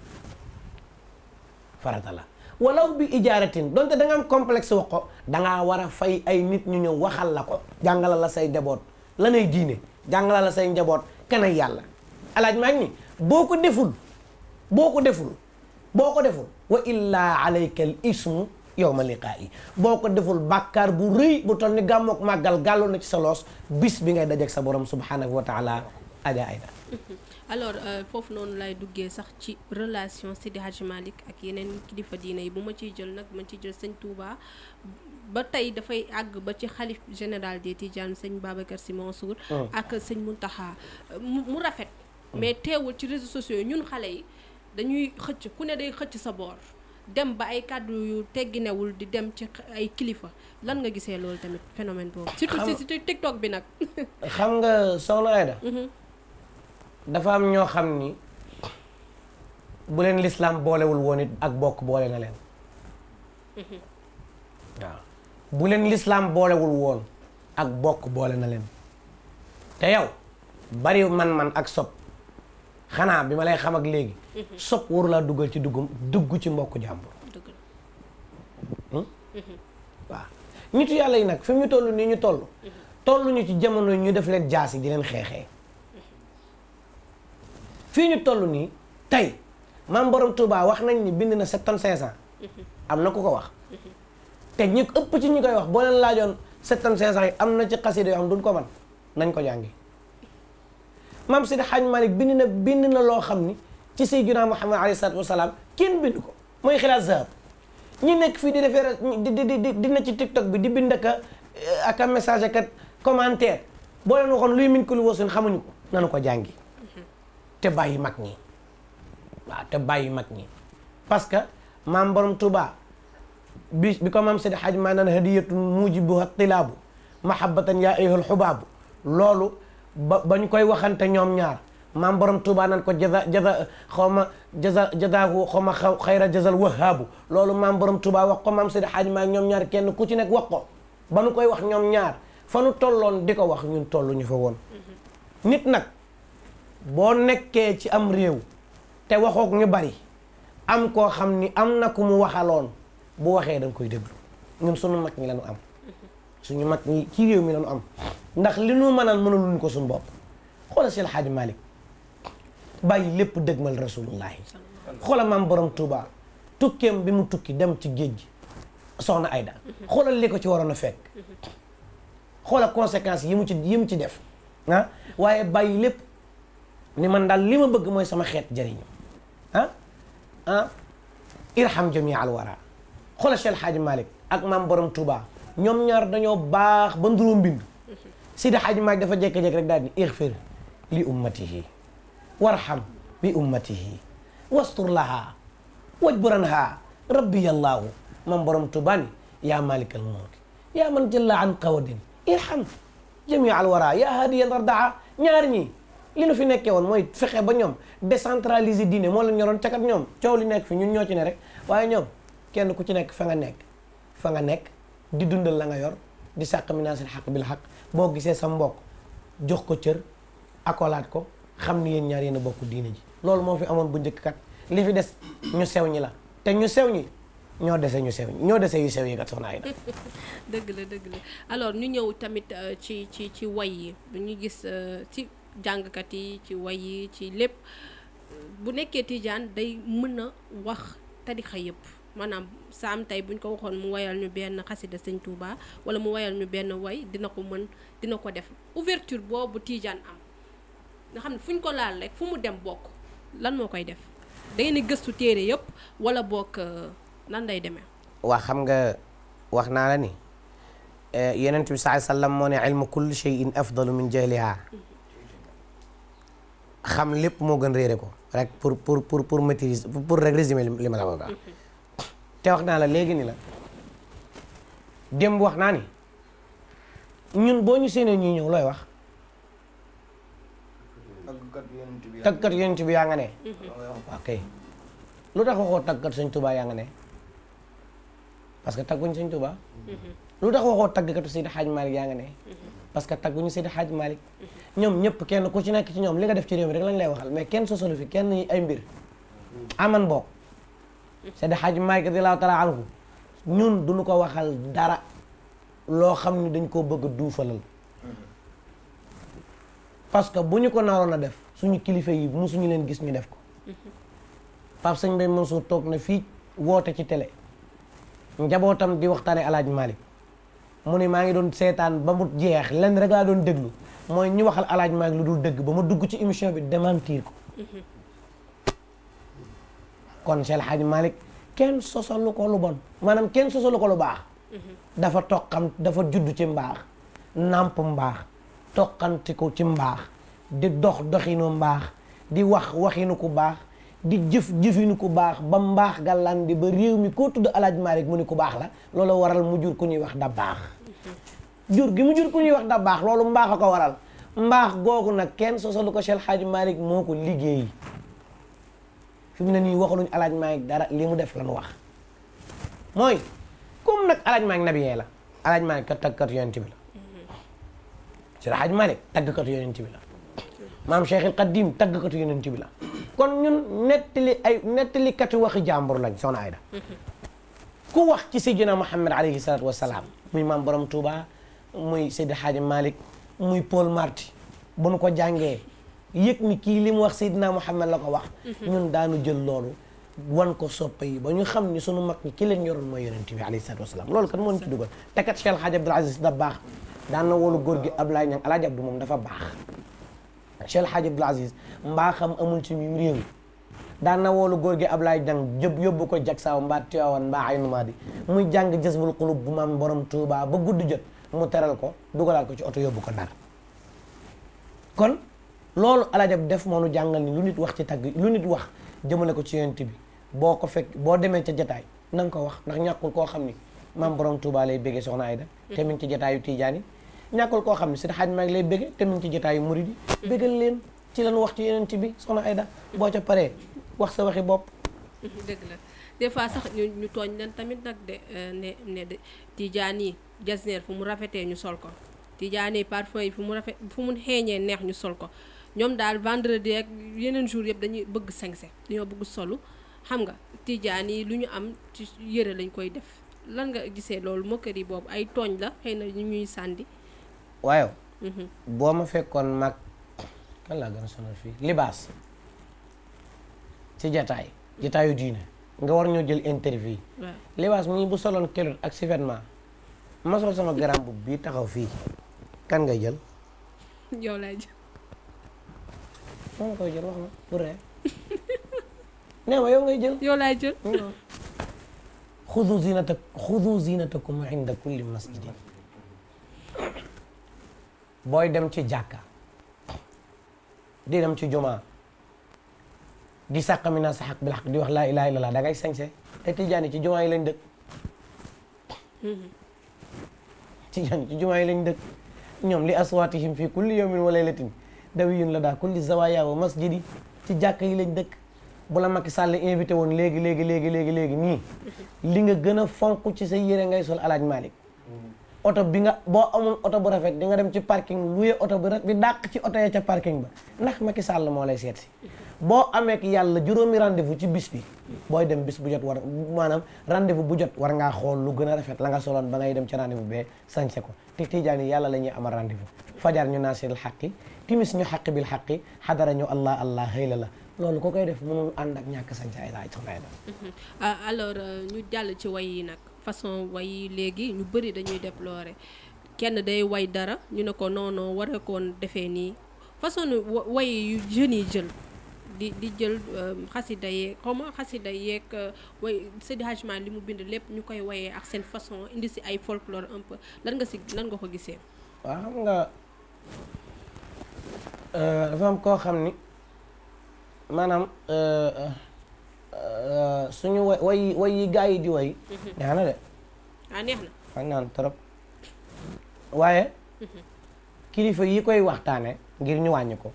farata la walaw bi ijaaratin donte da nga am complexe wax ko dangaa war a fay ay nit ñu ñëw waxal la ko jàngala la say njaboot lanay diine jàngala la say njaboot kanay yàlla alaaj maa ngi boo ko deful boo ko deful boo ko deful wa illa alayka al ismu yow ma yawma yi boo ko deful bàkkaar bu rëy bu toll ni gàmmook màggal gàlloon na ci sa loos bis bi ngay dajeek sa borom subhanahu wa taala aja ayda alors euh, foofu noonu lay duggee sax ci relation Sidi Hadj Malick ak yeneen kilifa diine yi bu ma ciy jël nag ma ciy jël sëñ Touba ba tey dafay àgg ba ci xalif général des Tidianes sëñ Babacar Sy Mansour mm. ak sëñ Mountakha mu rafet mm. mais teewul ci réseaux sociaux yi ñun xale yi dañuy xëcc ku ne day xëcc sa boor dem ba ay kàddu yu tegginewul di dem ci ay kilifa lan nga gisee loolu tamit phénomène boobu. si si TikTok bi nag. xam nga soxna Aida. Mhm. dafa am ñoo xam ni bu leen lislaam boolewul woon it ak bokk boole na leen. Mhm. waaw leen lislaam boolewul woon ak bokk boole na leen te yow bari man-man ak sob xanaa bi ma lay xam ak léegi. sopp waru laa duggal ci duggum dugg ci mbokku jàmbur. Hmm? Mhm. waaw nitu yàlla yi nag fi mu toll nii ñu toll. Mhm. tolluñu ci jamono ñu def leen jaas yi di leen xeexee. Mhm. fii ñu toll nii tey maam borom Touba wax nañ ni bind na sept tonnes cinq am na ku ko wax. te ñu ëpp ci ñu koy wax boo leen laajoon sept tonnes cinq yi am na ci xasida yoo xam duñ ko man nañ ko jàngi. maam Sidi Xaaj Malik bind na bind na loo xam ni ci Seydina Muhammad alayhi salaatu wasalaam kenn bind ko mooy xilaas zahab ñi nekk fii di defee di di di dina ci TikTok bi di bind aka eh, aka message aka commentaire boo leen waxoon luy min ko lu wasun xamuñu ko nanu ko jàngi te bàyyi mag ñi waaw te bàyyi mag ñi parce que maam borom tubaa bi bi ko maam Sidi Xaaj maa naan hadiyatun mujibu tilaabu mahabbatan yaa ayyuhal xubaabu loolu ba ba ñu koy waxante ñoom ñaar maam borom Touba nan ko jaza jaza xaw ma jaza jazaahu xaw ma xaw xayra jazal wahaabu loolu maam borom Touba wax ko maam Seydi Hadji maa ñoom ñaar kenn ku ci nekk wax ko ba nu koy wax ñoom ñaar fa nu tolloon di ko wax ñun tolluñu fa woon. Mm-hmm. nit nag boo nekkee ci am réew te waxook ñu bari am koo xam ni am na ku mu waxaloon bu waxee da nga koy déglu ñun sunu mag ñi la ñu am. suñu mag ñi ci réew mi lañu am ndax li nu mënaan mënaluñ ko suñu bopp xoola seen xaaji Malick bàyyi lépp dëgg dëgmal rasulullahi xoola man borom Touba tukkeem bi mu tukki dem ci géej gi soxna Ayda xoolal li ko ci waroon a fekk xoola conséquences yi mu ci yi mu ci def ah waaye bàyyi lépp ni man daal li ma bëgg mooy sama xeet jëriñu ah ah irham jami al wara xoola Cheikh Hadji maalik ak maam borom Touba ñoom ñaar dañoo baax ba nduroo mbind mm-hmm. Sidi Hadj Malick dafa jékki-jékki rek daal di ixfir li ummatihi warham bi ummatihi wastur laha wajburanha rabbi yallaahu man borom tubaani yaa malikal mulki yaa man jalla an qawadin irham jami al wara yaa hadiyan ardaa ñaar ñi li nu fi nekkee woon mooy fexe ba ñoom décentraliser diine moo leen ñoroon cakat ñoom coow li nekk fi ñu ñoo ci ne rek waaye ñoom kenn ku ci nekk fa nga nekk fa nga nekk di dundal la nga yor di sàq minaasil xaq bil xaq boo gisee sa mbokk jox ko cër akolaat ko xam ni yéen ñaar yéen a bokk diine ji loolu moo fi amoon bu njëkk kat li fi des ñu sew ñi la te ñu sew ñi ñoo desee ñu sew ñoo dese yu sew yi kat soxna Aida dëgg la dëgg la alors ñu ñëw tamit euh, ci ci ci way yi ñu gis euh, ci jàngkat yi ci way yi ci lépp bu nekkee tijaan day mën a wax tarixa yëpp maanaam saam tey buñ ko waxoon mu woyal ñu benn xasida sëñ Touba wala mu woyal ñu benn woy dina ko mën dina ko def ouverture boobu Tidiane am nga xam ne fu ñu ko laal rek fu mu dem bokk lan moo koy def da ngeen di gëstu téere yëpp wala bokk euh, nan lay demee. waa xam nga wax naa la ni euh, yonent sa saa sallam moo ne ilmu kulli shay'in afdalu min jahliha xam lépp moo gën réere ko rek pour pour pour pour maîtriser pour rek résumer li ma la wax mhm. te wax naa la léegi nii la démb wax naa ni ñun boo ñu séenee ñuy ñëw looy wax tagkat yonent bi yaa nga ne waaw kay lu tax waxoo tagkat sëñ Tuubaa yaa nga ne parce que tagguñu sëñ Tuubaa mhm. lu tax waxoo taggkatu Seydi Hadj Malick yaa nga ne mhm. parce que tagguñu Seydi Hadj Malick mhm. ñoom ñëpp kenn ku ci nekk ci ñoom li nga def ci réew rek lañ lay waxal mais kenn sosalu fi kenn ay mbir aman bokk Seydi Hadji Malick radiyallahu taala anhu ñun duñu ko waxal dara loo xam ni dañ koo bëgg a duufalal parce que bu ñu ko naroon def suñu kilifa yi musuñu leen gis ñu def ko Pape Sëñ Mbaye Mansour toog na fii woote ci tele njabootam di waxtaane Alaaji Malick mu ne maa ngi doon seetaan ba mu jeex lenn rek laa doon déglu mooy ñu waxal alaaj Malick lu dul dëgg ba mu dugg ci émission bi démentir ko kon Cheikh El kenn sosalu ko lu bon maanaam kenn sosalu ko lu baax mhm. dafa toqam dafa judd ci mbaax nàmp mbaax toqanti ko ci mbaax di dox doxinu mbaax di wax waxinu ku baax di jëf jëfinu ku baax ba mbaax gàllandi ba réew mi koo tudd El Hadj Malick mu ni ku baax la loolu waral mu jur ku ñuy wax da baax mhm. jur gi mu jur ku ñuy wax da baax loolu mbaax a ko waral mbaax googu nag kenn sosalu ko Cheikh El Hadj moo ko liggéey fi mu ne nii waxaluñ alaaj maalik dara li mu def lañu wax mooy comme nag alaaj maalik nabiyee la alaaj maalik kat tàggkat yonent bi la mhm. Seydi Hajji Maalik tàggkat yonent bi la maam Cheikh il Qadim tàggkat bi la kon ñun nettali ay nettalikati waxi jàmbur lañ soxna Ayda mhm. ku wax ci Seydina Muhammad alayhi salaatu wa salaam maam borom Touba muy Seydi Hajji Maalik muy Paul Marty bu nu ko jàngee yëg ni kii li mu wax Seydina Muhammad la ko wax mhm. ñun daanu jël loolu wan ko soppe yi ba ñu xam ni sunu mag ñi ki leen yoroon mooy yonent bi alayhi salaatu wasalaam loolu kan moo ñu ci dugal tekat Cheikh Alhaji Abdoul Aziz baax daan na woolu góor gi Ablaye Niang Alhaji Abdou moom dafa baax Cheikh Alhaji Abdoul Aziz mbaa xam amul ci mim réew daan na woolu góor gi ab Ablaye Niang jëpp yóbbu ko Jaksaaw mbaa Tiwaawan mbaa Aynumaa di muy jàng Jazbul Qulub bu maam borom Tuubaa ba gudd jot mu teral ko dugalaat ko ci oto yóbbu ko Ndar loolu alajab def moo nu jàngal ni lu nit wax ci tagg lu nit wax jëmale ko ci yonent bi boo ko fekk boo demee ci jataay na ko wax ndax ñàkkul koo xam ni maam borom Touba lay béggee soxna Ayda mi ngi ci jataayu Tiijaan yi ñàkkul koo xam ne Seydi Hadji Maalik lay béggee te mi ngi ci jataayu Murid yi béggal leen ci lan wax ci yonent bi soxna Ayda boo ca paree wax sa waxi bopp la des fois sax ñu ñu tooñ leen tamit nag de euh, ne ne Tiijaan yi jasneer fu mu rafetee ñu sol ko Tiijaan yi parfum yi fu mu rafet fu mun xeeñee neex ñu sol ko ñoom daal vendredi ak yeneen jour yëpp dañuy bëgg sañse dañoo bëgg solu xam nga tiijaan yi lu ñu am ci yëre lañ koy def lan nga gisee loolu mokkër yi boobu ay tooñ la xëy na ñu ñuy sàndi waaye mhm. boo ma fekkoon mag kan laa gën a sonal fii libaas ci jataay jataayu diine nga war ñoo jël interview libaas mu bu soloon kelut ak si vêtement ma sol sama garam bii taxaw fii kan nga jël yow laa jël maa koy jël wax ma bu nee ma yow ngay jël. yow zinatakum xudu zinatakum inda kulli booy dem ci jàkka di dem ci jumaa di sàq mi naa sa xaq bi xaq di wax laa ilaha illallah da ngay sañse te tijaani ci jumaa lañ dëkk. Mm-hmm. ci jumaa yi lañ dëkk ñoom li aswaatihim fi kulli yawmin wa laylatin dawiyun la daa kulli zawaya wa masjidi ci jàkk yi lañ dëkk bu la Macky sàll invité woon léegi léegi léegi léegi léegi nii li nga gën a fonk ci sa yére ngay sol alaaj Malick oto bi nga boo amul oto bu rafet di nga dem ci parking luye oto bi bi dàq ci oto ya ca parking ba ndax Macky sàll moo lay seet si boo amee yàlla juróomi rendez-vous ci bis bi booy dem bis bu jot war maanaam rendez-vous bu jot war ngaa xool lu gën a rafet la nga soloon ba ngay dem ci rendez-vous bee sañse ko te yi yàlla la ñuy amal rendez-vous fajar ñu naa seel xaqi timis ñu xaqi bil xaqi xadara ñu allah allah xëy la la loolu ko koy def mënul ànd ak ñàkk sañ ca ay laaj xanaa la ñu jàll ci way yi nag façon way léegi ñu bëri dañuy déplorer kenn day way dara ñu ne ko non non war a koon defee nii façon way yu jeunes yi jël di di jël euh, xasida yeeg xaw ma xasida yeeg euh, way Seydi Hadji li mu bind lépp ñu koy wayee ak seen façon indi si ay folklore un lan nga si lan nga ko gisee waaw xam nga Euh, dafa am koo xam ni maanaam euh, euh, suñu way way way yi gaa yi di way mhm. neex na de ah, trop waaye mhm. kilifa yi koy waxtaane ngir ñu wàññi ko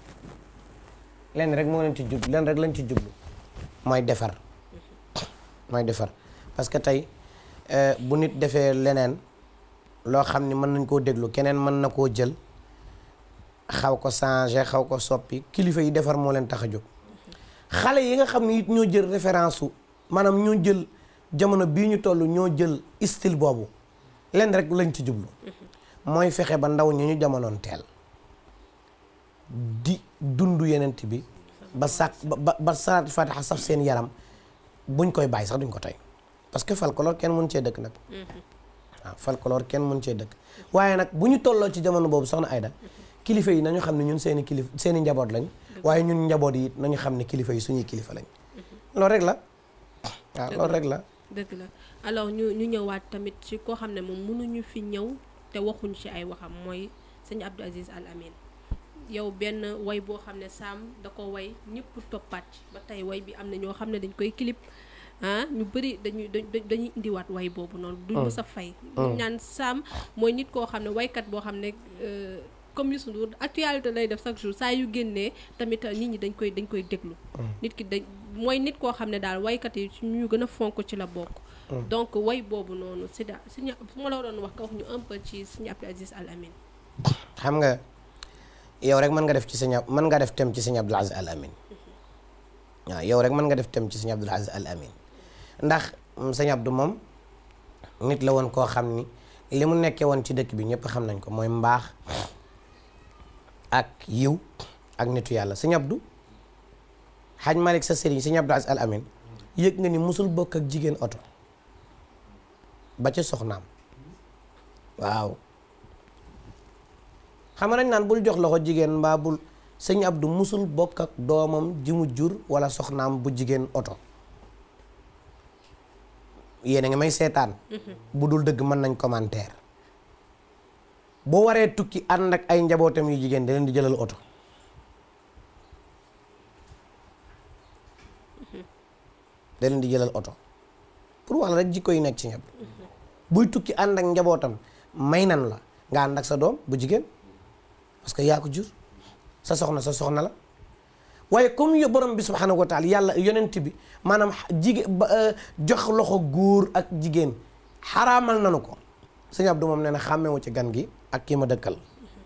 lenn rek moo leen ci jublu lenn rek lañ ci jublu mooy defar mhm. mooy defar parce que tey bu nit defee leneen loo xam ni mën nañ koo déglu keneen mën na koo jël xaw ko changé xaw ko soppi kilifa yi defar moo leen tax a jóg xale yi nga xam ne ñoo jël référence su maanaam ñoo jël jamono bii ñu toll ñoo jël style boobu leen rek lañ ci jublu mooy fexe ba ndaw ñu ñu jamonoon teel di dund yenent bi ba sàkk ba ba salaat fatiha saf seen yaram buñ koy bàyyi sax duñ ko tey parce que folklore kenn mën cee dëkk nag mm-hmm. waaw folklore kenn mën cee dëkk waaye nag bu ñu tolloo ci jamono boobu soxna Aida kilifa yi nañu xam ne ñun seen i seeni seen njaboot lañ waaye ñun njaboot yi nañu xam ne kilifa yi suñuy kilifa lañ mhm. loolu rek la waaw loolu rek la dëgg la alors ñu ñëwaat tamit ci koo xam ne moom mënuñu fi ñëw te waxuñu ci ay waxam mooy sëñ Abdou Aziz Al Amin yow benn way boo xam ne Sam da ko way ñëpp toppaat ci ba tey way bi am na ñoo xam ne dañ koy clip ah, ñu bëri dañuy dañuy indiwaat way boobu noonu duñ mës mm. a fay mm. ñaan Sam mooy nit koo xam ne waykat boo xam ne euh, comme Youssou Ndour actualité lay def chaque jour saa yu génnee tamit nit ñi dañ koy dañ koy déglu. Mm. nit ki dañ mooy nit koo xam ne daal waykat yi ñu gën a fonk ci la bokk. Mm. donc way boobu noonu si daal su ma la doon wax ka wax ñu un peu ci Serigne Abdou Aziz Al Amine. xam nga yow rek mën nga def ci Serigne mën nga def thème ci Serigne Abdou Aziz Al Amine. Mm-hmm. waaw mën nga def thème ci Serigne Abdou Aziz Al Amine ndax Serigne Abdou moom nit la woon koo xam ni li mu nekkee woon ci dëkk bi ñëpp xam nañ ko mooy mbaax. ak yiw ak nitu yàlla sëñ Abdou xaj Malick sa sëriñ sëñ Abdou Aziz Al Amin yëg nga ni musul bokk ak jigéen oto ba ci soxnaam waaw xam nañ naan bul jox loxo jigéen mbaa bul sëñ Abdou musul bokk ak doomam ji mu jur wala soxnaam bu jigéen oto yéen a ngi may seetaan mm-hmm. bu dul dëgg mën nañ commentaire boo waree tukki ànd ak ay njabootam yu jigéen da leen di jëlal oto mhm. da di jëlal oto pour wax la rek jikko yi nekk ci ñëpp buy tukki ànd ak njabootam may nan la nga ànd ak sa doom bu jigéen parce que yaa ko jur sa soxna sa soxna la waaye comme yo borom bi subhanahu wa taala yàlla yonent bi maanaam jigéen euh, jox loxo góor ak jigéen xaraamal nanu ko sëñ Abdou moom nee na xàmmewu ci gan gi ak kii ma dëkkal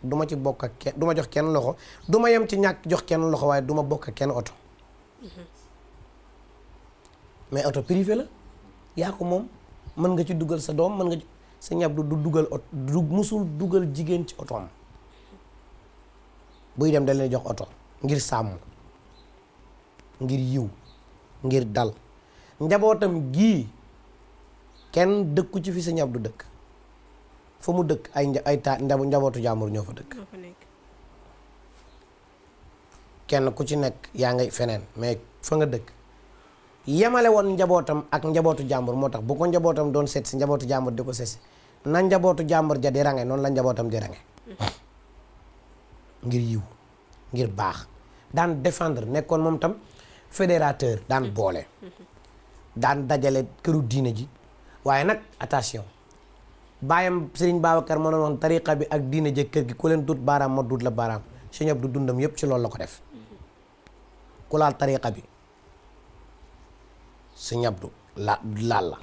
duma ci bokk ak kenn du jox kenn loxo du ma yem ci ñàkk jox kenn loxo waaye duma ma bokk kenn oto mais oto privé la yaa ko moom mën nga ci dugal sa doom mën nga ci sa ñab du dugal oto du musul dugal jigéen ci oto am buy dem da leen jox oto ngir sàmm ngir yiw ngir dal njabootam gii kenn dëkku ci fi sa ñab du dëkk fa mu dëkk ay ay taa njabootu jàmbur ñoo fa dëkk kenn ku ci nekk yaa ngay feneen mais fa nga dëkk yemale woon njabootam ak njabootu jàmbur moo tax bu ko njabootam doon seet si njabootu jàmbur di ko seet si na njabootu jàmbur ja di range noonu la njabootam di range mm-hmm. ngir yiw ngir baax daan defendre nekkoon moom tam fédérateur daan mm-hmm. boole mm-hmm. daan dajale këru diine ji waaye nag attention bàyyam Serigne Babacar moo doon wax tariqa bi ak diine jëkk kër gi ku leen dut baaraam ma dut la baaraam Serigne du dundam yépp ci lool la ko def ku laal tariqa bi Serigne Abdou la laal la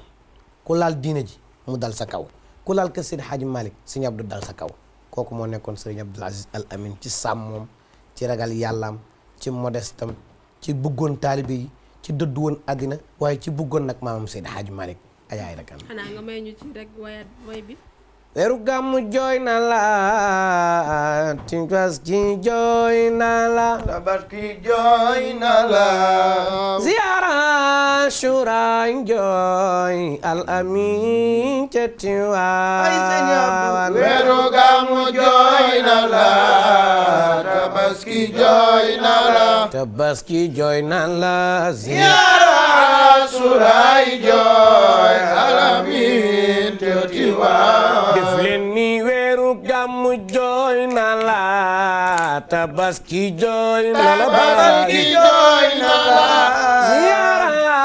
ku laal diine ji mu dal sa kaw ku laal kër Seydi Hadji Malick Serigne Abdou dal sa kaw kooku moo nekkoon Serigne Abdoul Aziz Al Amin ci sàmmoom ci ragal yàllaam ci modestam ci buggoon taalibe yi ci dëddu woon àddina waaye ci buggoon nag maamam Seydi Hadji malik ajaay rakan xanaa nga may ñu ci rek wayat way bi leeru gàmmu jooy na la tinkwas ki jooy na la tabaski jooy na la ziyaara shura jooy al amin ca tiwaawan leeru gàmmu jooy na la tabaski jooy Abbas ki jooy naan alamin teewti waa def ni weeru gàmmu jooy naan la tabaski jooy naan la baal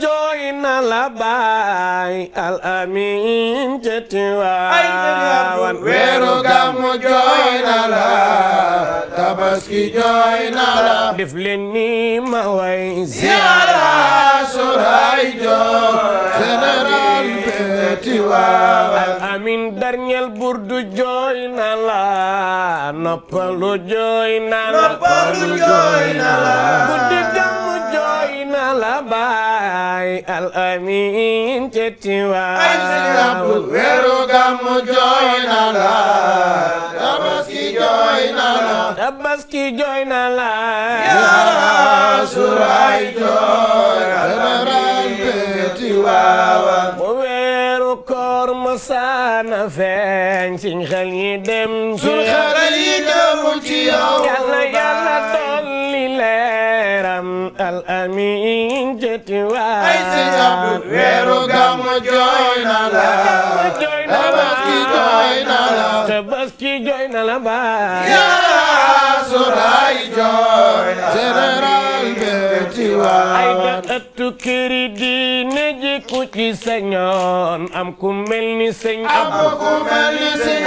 jooy na la baay al amin ca Tiwaawan weeru gàmmu jooy tabaski jooy na la def leen ni ma way ziara suray Tiwaawan al amin darñel burdu jooy noppalu jooy na la la baay al amin cetti waaw weeru gàmmu jooy na la tabaski jooy na la tabaski jooy na la yaa suraay jooy rabaraan cetti waaw saana feeñ suñ xel yi dem. suñ xel yi dem ci yow. naan weeru gàmmu jooy na la tabaski jooy na la tabaski jooy na la baay yaa suraay jooy général beti waan ay ba ëttu këri diine ji ku ci sañoon am ku mel ni sëñ am ku mel ni sëñ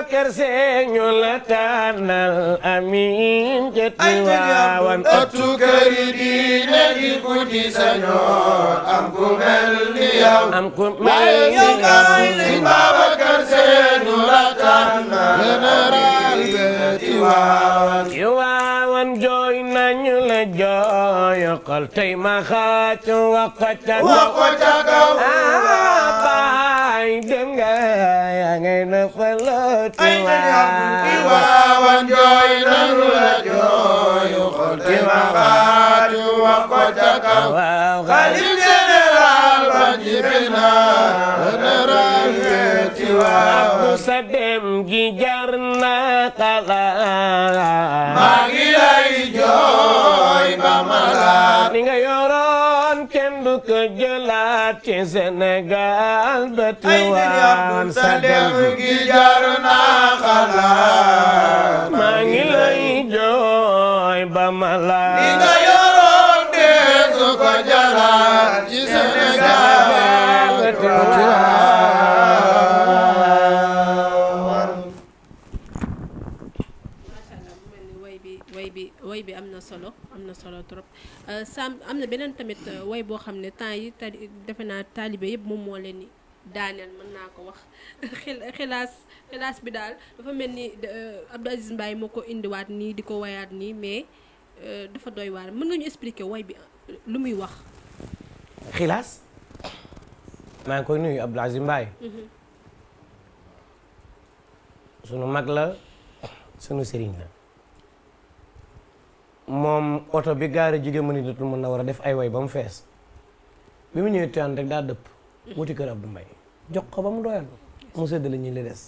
Babacar señu la tànnal amiin ca Tiwaawan ëttu kër yi diine gi ku ci sañoon am ku mel ni yow am ku mel ni yow Babacar señu la tànnal général ca Tiwaawan jooy nañu la jooyokal tey ma xaatu wax ko ca kaw ai đến ngày ngày nước phải lỡ ai đến học kêu ba quan joy nắng lỡ joy còn kêu ba ba kêu ba có cha cao khalil general ban jibina general kêu ba musadem gijarna kala magilai joy ba mala ningayor jëlaat ci Sénégal ba Tiwaawan sa dem gi jar naa maa ngi lay jooy ba ma laal yoroon dee su ko jëlaat ci Sénégal ba Tiwaawan Euh, Sam am na beneen tamit euh, way boo xam ne temps yi tali defe naa taalibe yëpp moom moo leen ni daaneel mën naa ko wax xilaas xelaas bi daal dafa mel ni euh, Abdou Aziz Mbaye moo ko indiwaat nii di ko wayaat nii mais dafa doy waar mën nga ñu expliquer way bi lu muy wax. xilaas. maa ngi koy nuyu Abdou Aziz Mbaye. Mm-hmm. sunu mag la sunu sëriñ la. moom oto bi gaar jigéen ma gaari na war a def ay way ba mu fees bi mu ñëwee Tiwaawan rek daa dëpp wuti kër Abdou mbay jox ko ba mu doyal mu séddale ñi li des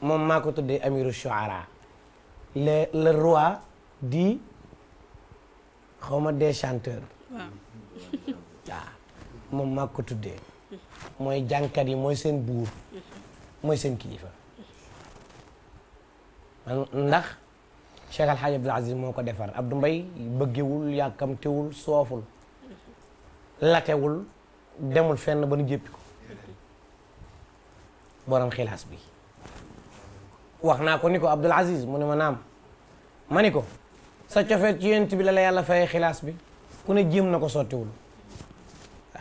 moom maa ko tuddee amiru shuara le di xawma des chanteurs waaw moom maa ko tuddee mooy jànkat yi mooy seen buur mooy seen kilifa ndax Cheikh Al Hadj moo ko defar Abdou Mbaye bëggewul yàkkamtewul sooful latewul demul fenn ba nu jéppi ko borom xilaas bi wax naa ko ni ko Abdoul Aziz mu ne ma naam ma ko sa cofeet ci yent bi la la yàlla fa xilaas bi ku ne jéem na ko sottiwul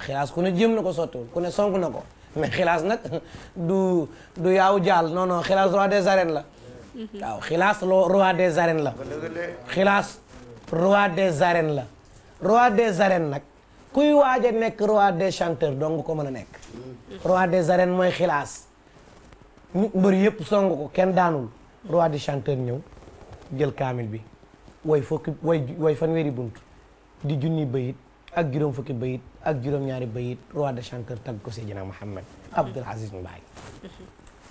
xilaas ku ne jéem na ko sottiwul ku ne sonk na ko mais xilaas nag du du jaal non non xilaas roi des arènes la waaw xilaas roi des arènes la xilaas roi des arènes la roi des arènes nag kuy waaj a nekk roi des chanteurs dong ko mën a nekk roi des arènes mooy xilaas ñu mbër yëpp song ko kenn daanul roi des chanteurs ñëw jël kaamil bi way fukki way way weeri bunt di junni bayit ak juróom fukki bayit ak juróom-ñaari bayit roi de chanteurs tagg ko Seydina Mouhamed Abdoul Aziz Mbaye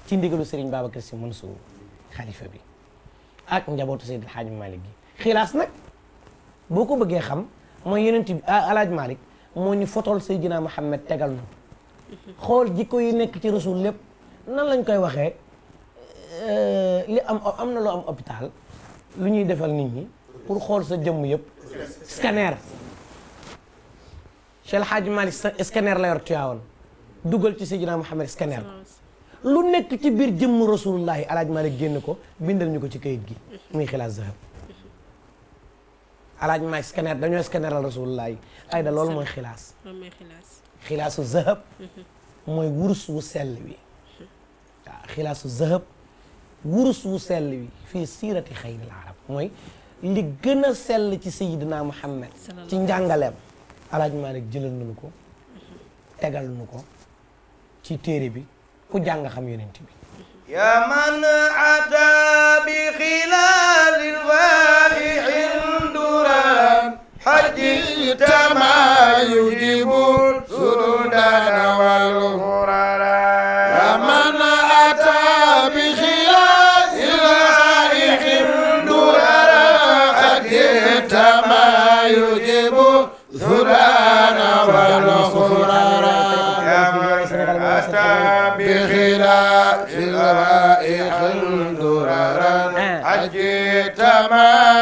ci ndigalu Serigne Babacar Sy Mansour xalifa bi ak njabootu Seydil Hadj Malick gi xilaas nag boo ko bëggee xam mooy yonent bi alaaj ah, malik moo ñu fotol Seydina Muhammad tegal nu xool jikko yi nekk ci rasul lépp nan lañ koy waxee eh, li am am na loo am hôpital lu ñuy defal nit ñi pour xool sa jëmm yépp scanner Cheikh El Hadj Malick scanner la yor tuyaawoon dugal ci Seydina Muhammad scanner ko lu nekk ci biir jëmm rasulullahi alaaj Malick génn ko bindal ñu ko ci kayit gi muy xilaas zahab alaaj Malick scanner dañoo scanneral rasulullahi ay da loolu mooy xilaas xilaasu zahab mooy wurus wu sell wi waaw xilaasu zahab wurus wi fii siirati xayril arab mooy li gën a sell ci sayidina Muhammad ci njàngaleem alaaj Malick jëlal nañu ko tegal nu ko ci téere bi ku jàng xam yonent bi ya man ata bi xilalil waai xinduran xajji tama yujibu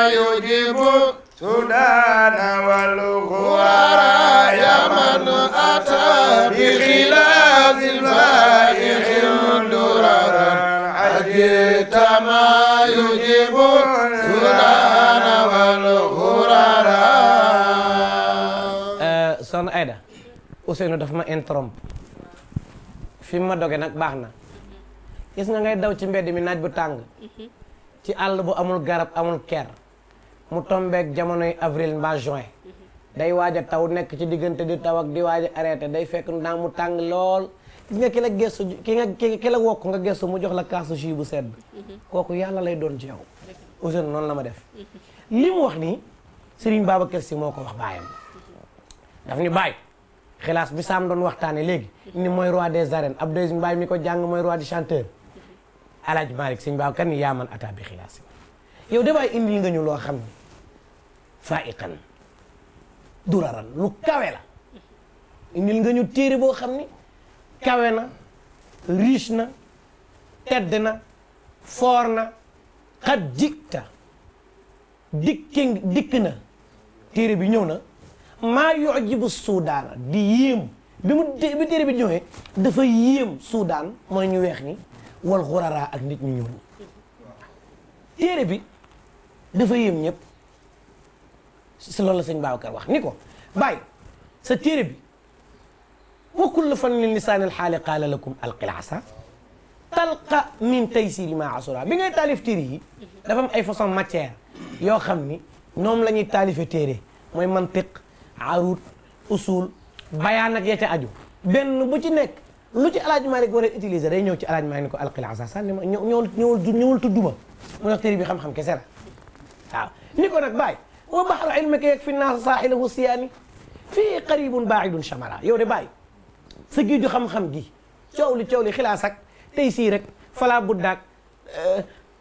يجيب سودان والغوار يا من أتى بخلاف الفائح درارا عجيت ما يجيب سودان والغوار son Aida Ousseynou daf ma interromp fi doge nag baax na gis nga ngay daw ci mbedd mi naaj bu tàng mhm. ci àll bu amul garab amul ker mu tombeek jamono jamonoy avril mbaa juin day waaja taw nekk ci diggante di taw ak di waaj a day fekk ndaa mu tàng lool ki nga ki la gëstu ki nga ki la wokk nga gestu mu jox la kaasu jus bu sedd kooku yàlla lay doon ci yow Ousseynou noonu la ma def li wax nii Serigne Babacar Sy moo ko wax baayam daf ni baay xilaas bi Sam doon waxtaane léegi ni mooy roi des arènes Abdou Aziz Mbaye mi ko jàng mooy roi des chanteurs Alaaji Malick Serigne Babacar ni yaa man ataa bi xilaas yow dafay indil nga ñu loo xam ni faiqan duraran lu kawe la indil nga ñu téere boo xam ni kawe na riche na tedd na foor na xat jikta dikke dikk na téere bi ñëw na maa yujibu suudaana di yéem bi mu téere bi ñëwee dafa yéem suudaan mooy ñu weex ni wal xuraraa ak nit ñu ñuul téere bi dafa yéem ñëpp si loolu la sëñ Babacar wax ni ko bàyyi sa téere bi wa kullu fannin lisaanil xaali qaala lakum alqilasa talqa min taysiri ma asura bi ngay taalif téere yi dafa am ay façon matière yoo xam ni ñoom la ñuy taalife téere mooy mantiq arut usul bayaan ak ya ca aju benn bu ci nekk lu ci alaaj Malik war a utiliser day ñëw ci alaaj Malik ni ko alqilasa sànni ma ñëw ñëwul ñëwul tudduma mu wax téere bi xam-xam kese la waaw ni ko nag bàyyi wa baxru ilmika yakfi naasa saaxilahu siyaani fii qaribun baidun chamara yow de bàyyi sa géeju xam-xam gi coow li coow li xilaas ak tey sii rek fala buddaak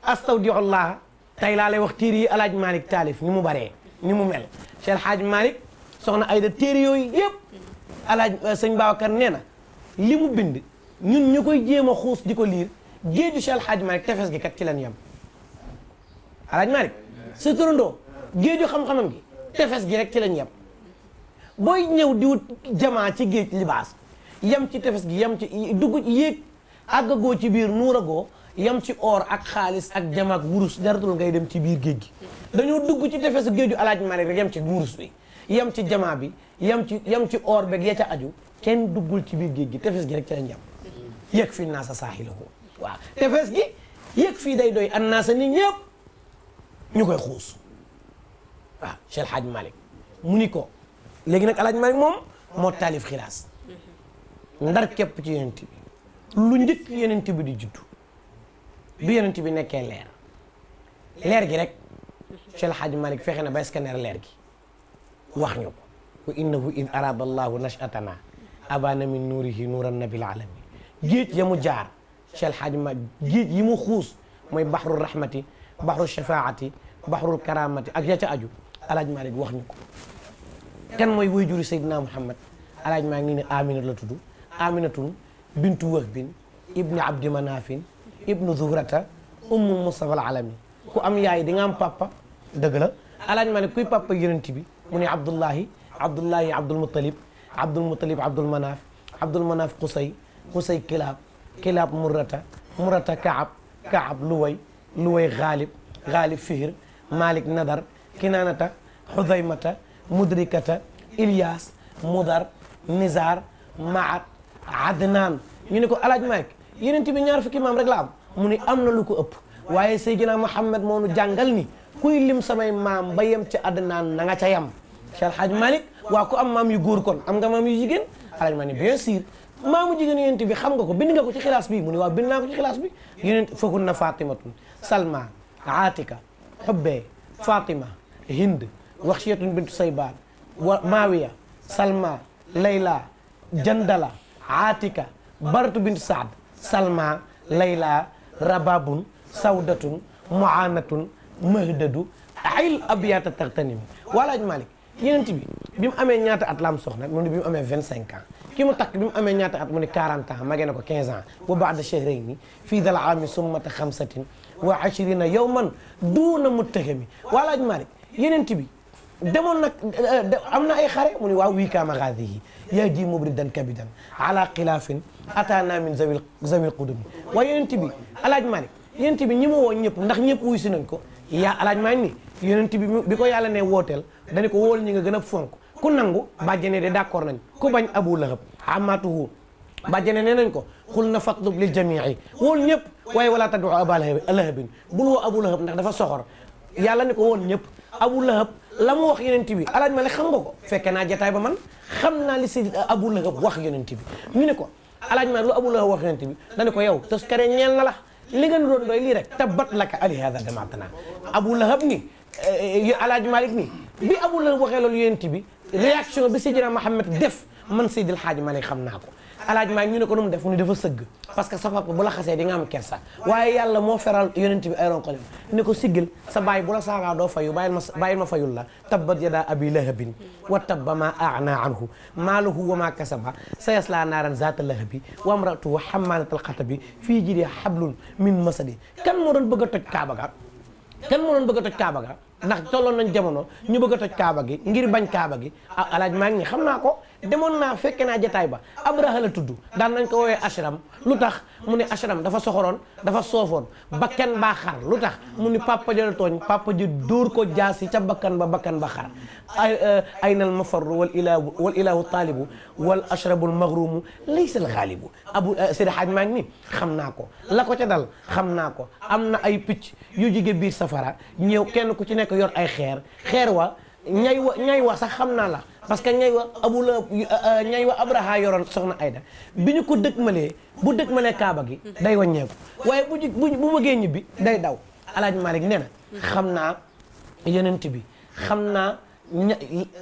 astawdiullah tey laa lay wax téere yi alaaj Malick taalif ni mu baree ni mu mel Cheikh Alhaaj Malick soxna Ayda téere yooyu yëpp alaaj sëñ Babacar nee na li mu bind ñun ñu koy jéem a xuus di ko liir géeju Cheikh Alhaaj Malick tefes gi kat ci lan yem alaaj Malick sa turandoo géeju xam-xamam gi tefes gi rek ci lañ yem booy ñëw di jamaa ci géej libaas yem ci tefes gi yam ci dugg yéeg àggagoo ci biir nuuragoo yam ci or ak xaalis ak jama ak wurus jaratul ngay dem ci biir géej gi dañoo dugg ci tefesu géeju alaaj mari rek yam ci wurus bi yam ci jamaa bi yam ci yam ci or beeg ya ca aju kenn duggul ci biir géej gi tefes gi rek ci lañ yem yëg fii naasa saaxilahu waaw tefes gi yëg fii day doy an naasa nit ñëpp ñu koy xuus waaw ah, Cheikh El Hadj mu ni ko léegi nag El Hadj Malick moo taalif xilaas ndar képp ci yonent bi lu njëkk yonent bi di juddu bi yonent bi nekkee leer leer gi rek Cheikh El Hadj Malick fexe na ba scanner leer gi wax ñu ko wa innahu id arada allahu nashatana alamin géej ya mu jaar Cheikh El Hadj Malick géej yi xuus mooy baxru rahmati baxru shafaati baxru karaamati ak ya aju alaaj Malick wax ñu ko kan mooy wuy juri Seydina Muhammad alaaj Malick ni ne Amina la tudd Aminatun bintu Wahbin ibni Abdi Manafin ibnu Zuhrata ummu Mustafa al alami ku am yaay di nga am papa dëgg la alaaj Malick kuy papa yonent bi mu ne Abdullahi Abdullahi Abdul Muttalib Abdul Muttalib Abdul Manaf Abdul Manaf Qusay Qusay Kilaab Kilaab Murrata Murrata Kaab Kaab Luway Luway Ghalib Ghalib Fihr Malik Nadar kinaanata xudaymata mudrikata ilyas mudar nizar maat adnaan ñu ne ko alaaj Malick yeneen bi ñaar fukki maam rek la am mu ni am na lu ko ëpp waaye Seydina Muhammad moo nu jàngal ni kuy lim samay maam ba yem ci adnaan na nga ca yam Cheikh Alhaaj Malick waa ku am maam yu góor kon am nga maam yu jigéen alaaj Malick bien sûr maamu jigéen yonent bi xam nga ko bi nga ko ci xilaas bi mu ne waaw bind ko ci xilaas bi yonent fokkun na fatimatun salma atika xobbe hind waxshiyatun bintu saybaan wa maawiya salma layla jandala aatika baratu bintu saad salma layla rababun sawdatun muanatun mahdadu ayil abiyata tartanimi walaaj malik yenent bi bi mu amee ñaata at la am soxna mu ne bi mu amee vingt cinq ans ki mu takk bi mu amee ñaata at mu ne quarante ans magee na ko quinze ans wa baada shahrayni fii dal aami summata xamsatin wa ashrina yowman duuna muttahami walaaj malik yenent bi demoon nag euh, am na ay xare mu ne waaw wii kaama haadihi yaa ji mubridan kabidan ala xilaafin ataana min zawil zawil qudumi waaye yenent bi alaaj Malick yenent bi ñi ma ñëpp ndax ñëpp wuy si nañ ko yaa alaaj Malick ni yenent bi bi ko yàlla ne wooteel dañu ko wóol ñi gën a fonk ku nangu bàjjene de d'accord nañ ku bañ abu lahab amatuhu bàjjene ne nañ ko xul na fatlub lil jamii wóol ñëpp waaye walaa tadu aba lahabin bul woo abu lahab ndax dafa soxor yàlla ni ko woon ñëpp abu lahab la mu wax yonent bi alaaj ma ne xam nga ko fekke naa jataay ba man xam naa li si abu lahab wax yonent bi ñu ne ko alaaj ma lu abu lahab wax yonent bi dani ko yow tos kare ñeel na la li nga doon doy lii rek tabbat laka alihada damatana abu lahab ni eh, eh, alaaj malik ni bi abu lahab waxee loolu yonent bi réaction bi Seydina Muhammad def man Seydil Xaaji Malik xam naa ko alaaj maa ñu ne ko nu mu def mu ne dafa sëgg parce que sa papa bu la xasee di nga am kersa waaye yàlla moo feral yonent bi ay ronkoñam ne ko siggil sa baay bu la saagaa doo fayu bàyyil ma bàyyil ma fayul la tabbat yadaa abi lahabin wa tabba maa aghnaa anhu maaluhu wa maa kasaba sayaslaa naaran zaata lahabi wa imra'atuhu hammaalatal xatabi fii jiidihaa hablun min masadi kan moo doon bëgg a toj kaaba ga kan moo doon bëgg a toj kaaba ga ndax tolloon nañ jamono ñu bëgg a toj kaaba gi ngir bañ kaaba gi ah xam naa ko demoon naa fekke naa jataay ba abraha la tudd daa nañ ko woowee ashram lu tax mu ne ashram dafa soxoroon dafa soofoon bakkan baa xar lu tax mu ni papa ja la tooñ papa ji dóor ko jaasi ca bakkan ba bakkan ba xar ay euh, na mafarru wal ilahu wal ilahu taalibu wal ashrabul maghrumu laysa al xaalibu abu euh, sidi xaaj maa ni xam naa ko la ko ca dal xam naa ko am na ay picc yu jige biir safara ñëw kenn ku ci nekk yor ay xeer xeer wa ñay wa ñay wa sax xam naa la parce que ñay wa abula euh, ñay wa abraha yoroon soxna ay Ayda bi ñu ko dëgmalee bu dëgmalee kaaba gi day wàññeeku waaye bu bu bu bëggee ñibbi day daw alaaj Malik nee xam naa yenent bi xam naa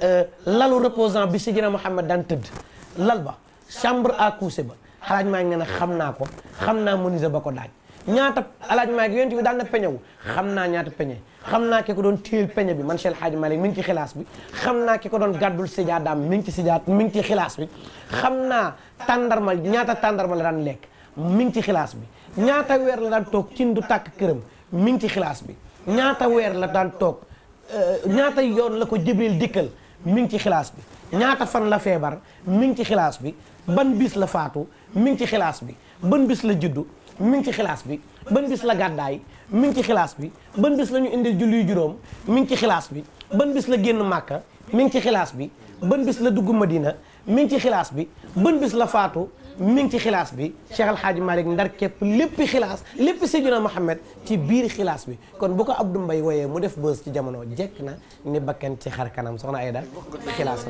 euh, lalu reposant bi si dina Muhammad daan tëdd lal ba chambre a coucher ba alaaj Malik nee na xam naa ko xam naa menuisier ba ko daaj ñaata alaaj maag yonent bi daan na peñe wu xam naa ñaata peñe xam naa ki ko doon téel peñe bi man Cheikh Hadji Malick mi ngi ci xilaas bi xam naa ki ko doon gàddul sijaadaam mi ngi ci sijaat mi ngi ci xilaas bi xam naa tàndarma ñaata tàndarma la daan lekk mi ngi ci xilaas bi ñaata weer la daan toog cin du tàkk këram mi ngi ci xilaas bi ñaata weer la daan toog euh, ñaata yoon la ko Jibril dikkal mi ngi ci xilaas bi ñaata fan la feebar mi ngi ci xilaas bi ban bis la faatu mi ngi ci xilaas bi ban bis la juddu mi ngi ci xilaas bi ban bis la gàddaay mi ngi ci xilaas bi ban bis la ñu indil julli juróom mi ngi ci xilaas bi ban bis la génn màkk mi ngi ci xilaas bi ban bis la dugg madina mi ngi ci xilaas bi ban bis la faatu mi ngi ci xilaas bi Cheikh El ndar képp lépp xilaas lépp Seydina Mohamed ci biir xilaas bi kon bu ko Abdou Mbaye wooyee mu def bës ci jamono jekk na ni bakkan ci xar kanam soxna Aida xilaas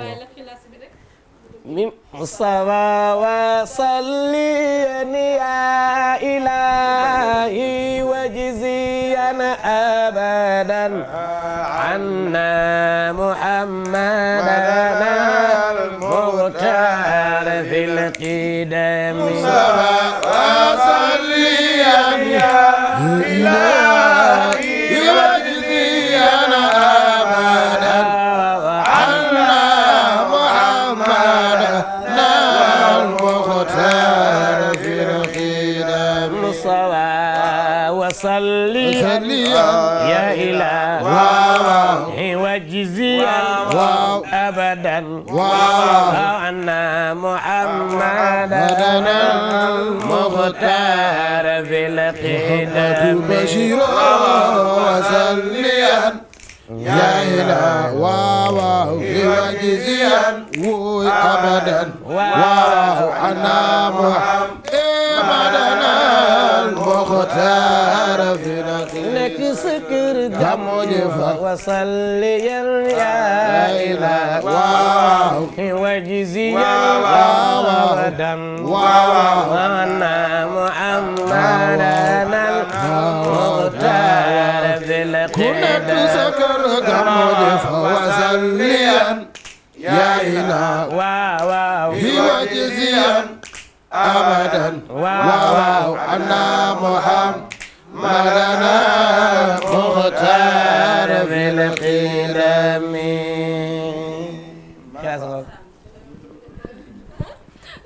مصطفى وصليني يا إلهي وجزينا أبدا عنا محمدا المختار في القدم مصطفى وصليني يا إلهي وأن محمدا المختار في القيادة بشيرا وسليا يا إله واو وجزيا وأبدا واو أنا محمد مختار في نك سكر جمجفا وصلي يا إله واو وجزي واو ودم واو وانا محمدنا المختار في القدر سكر جمجفا وصلي يا إله واو وجزي أبدا واو أنا محمدنا مختار في القدم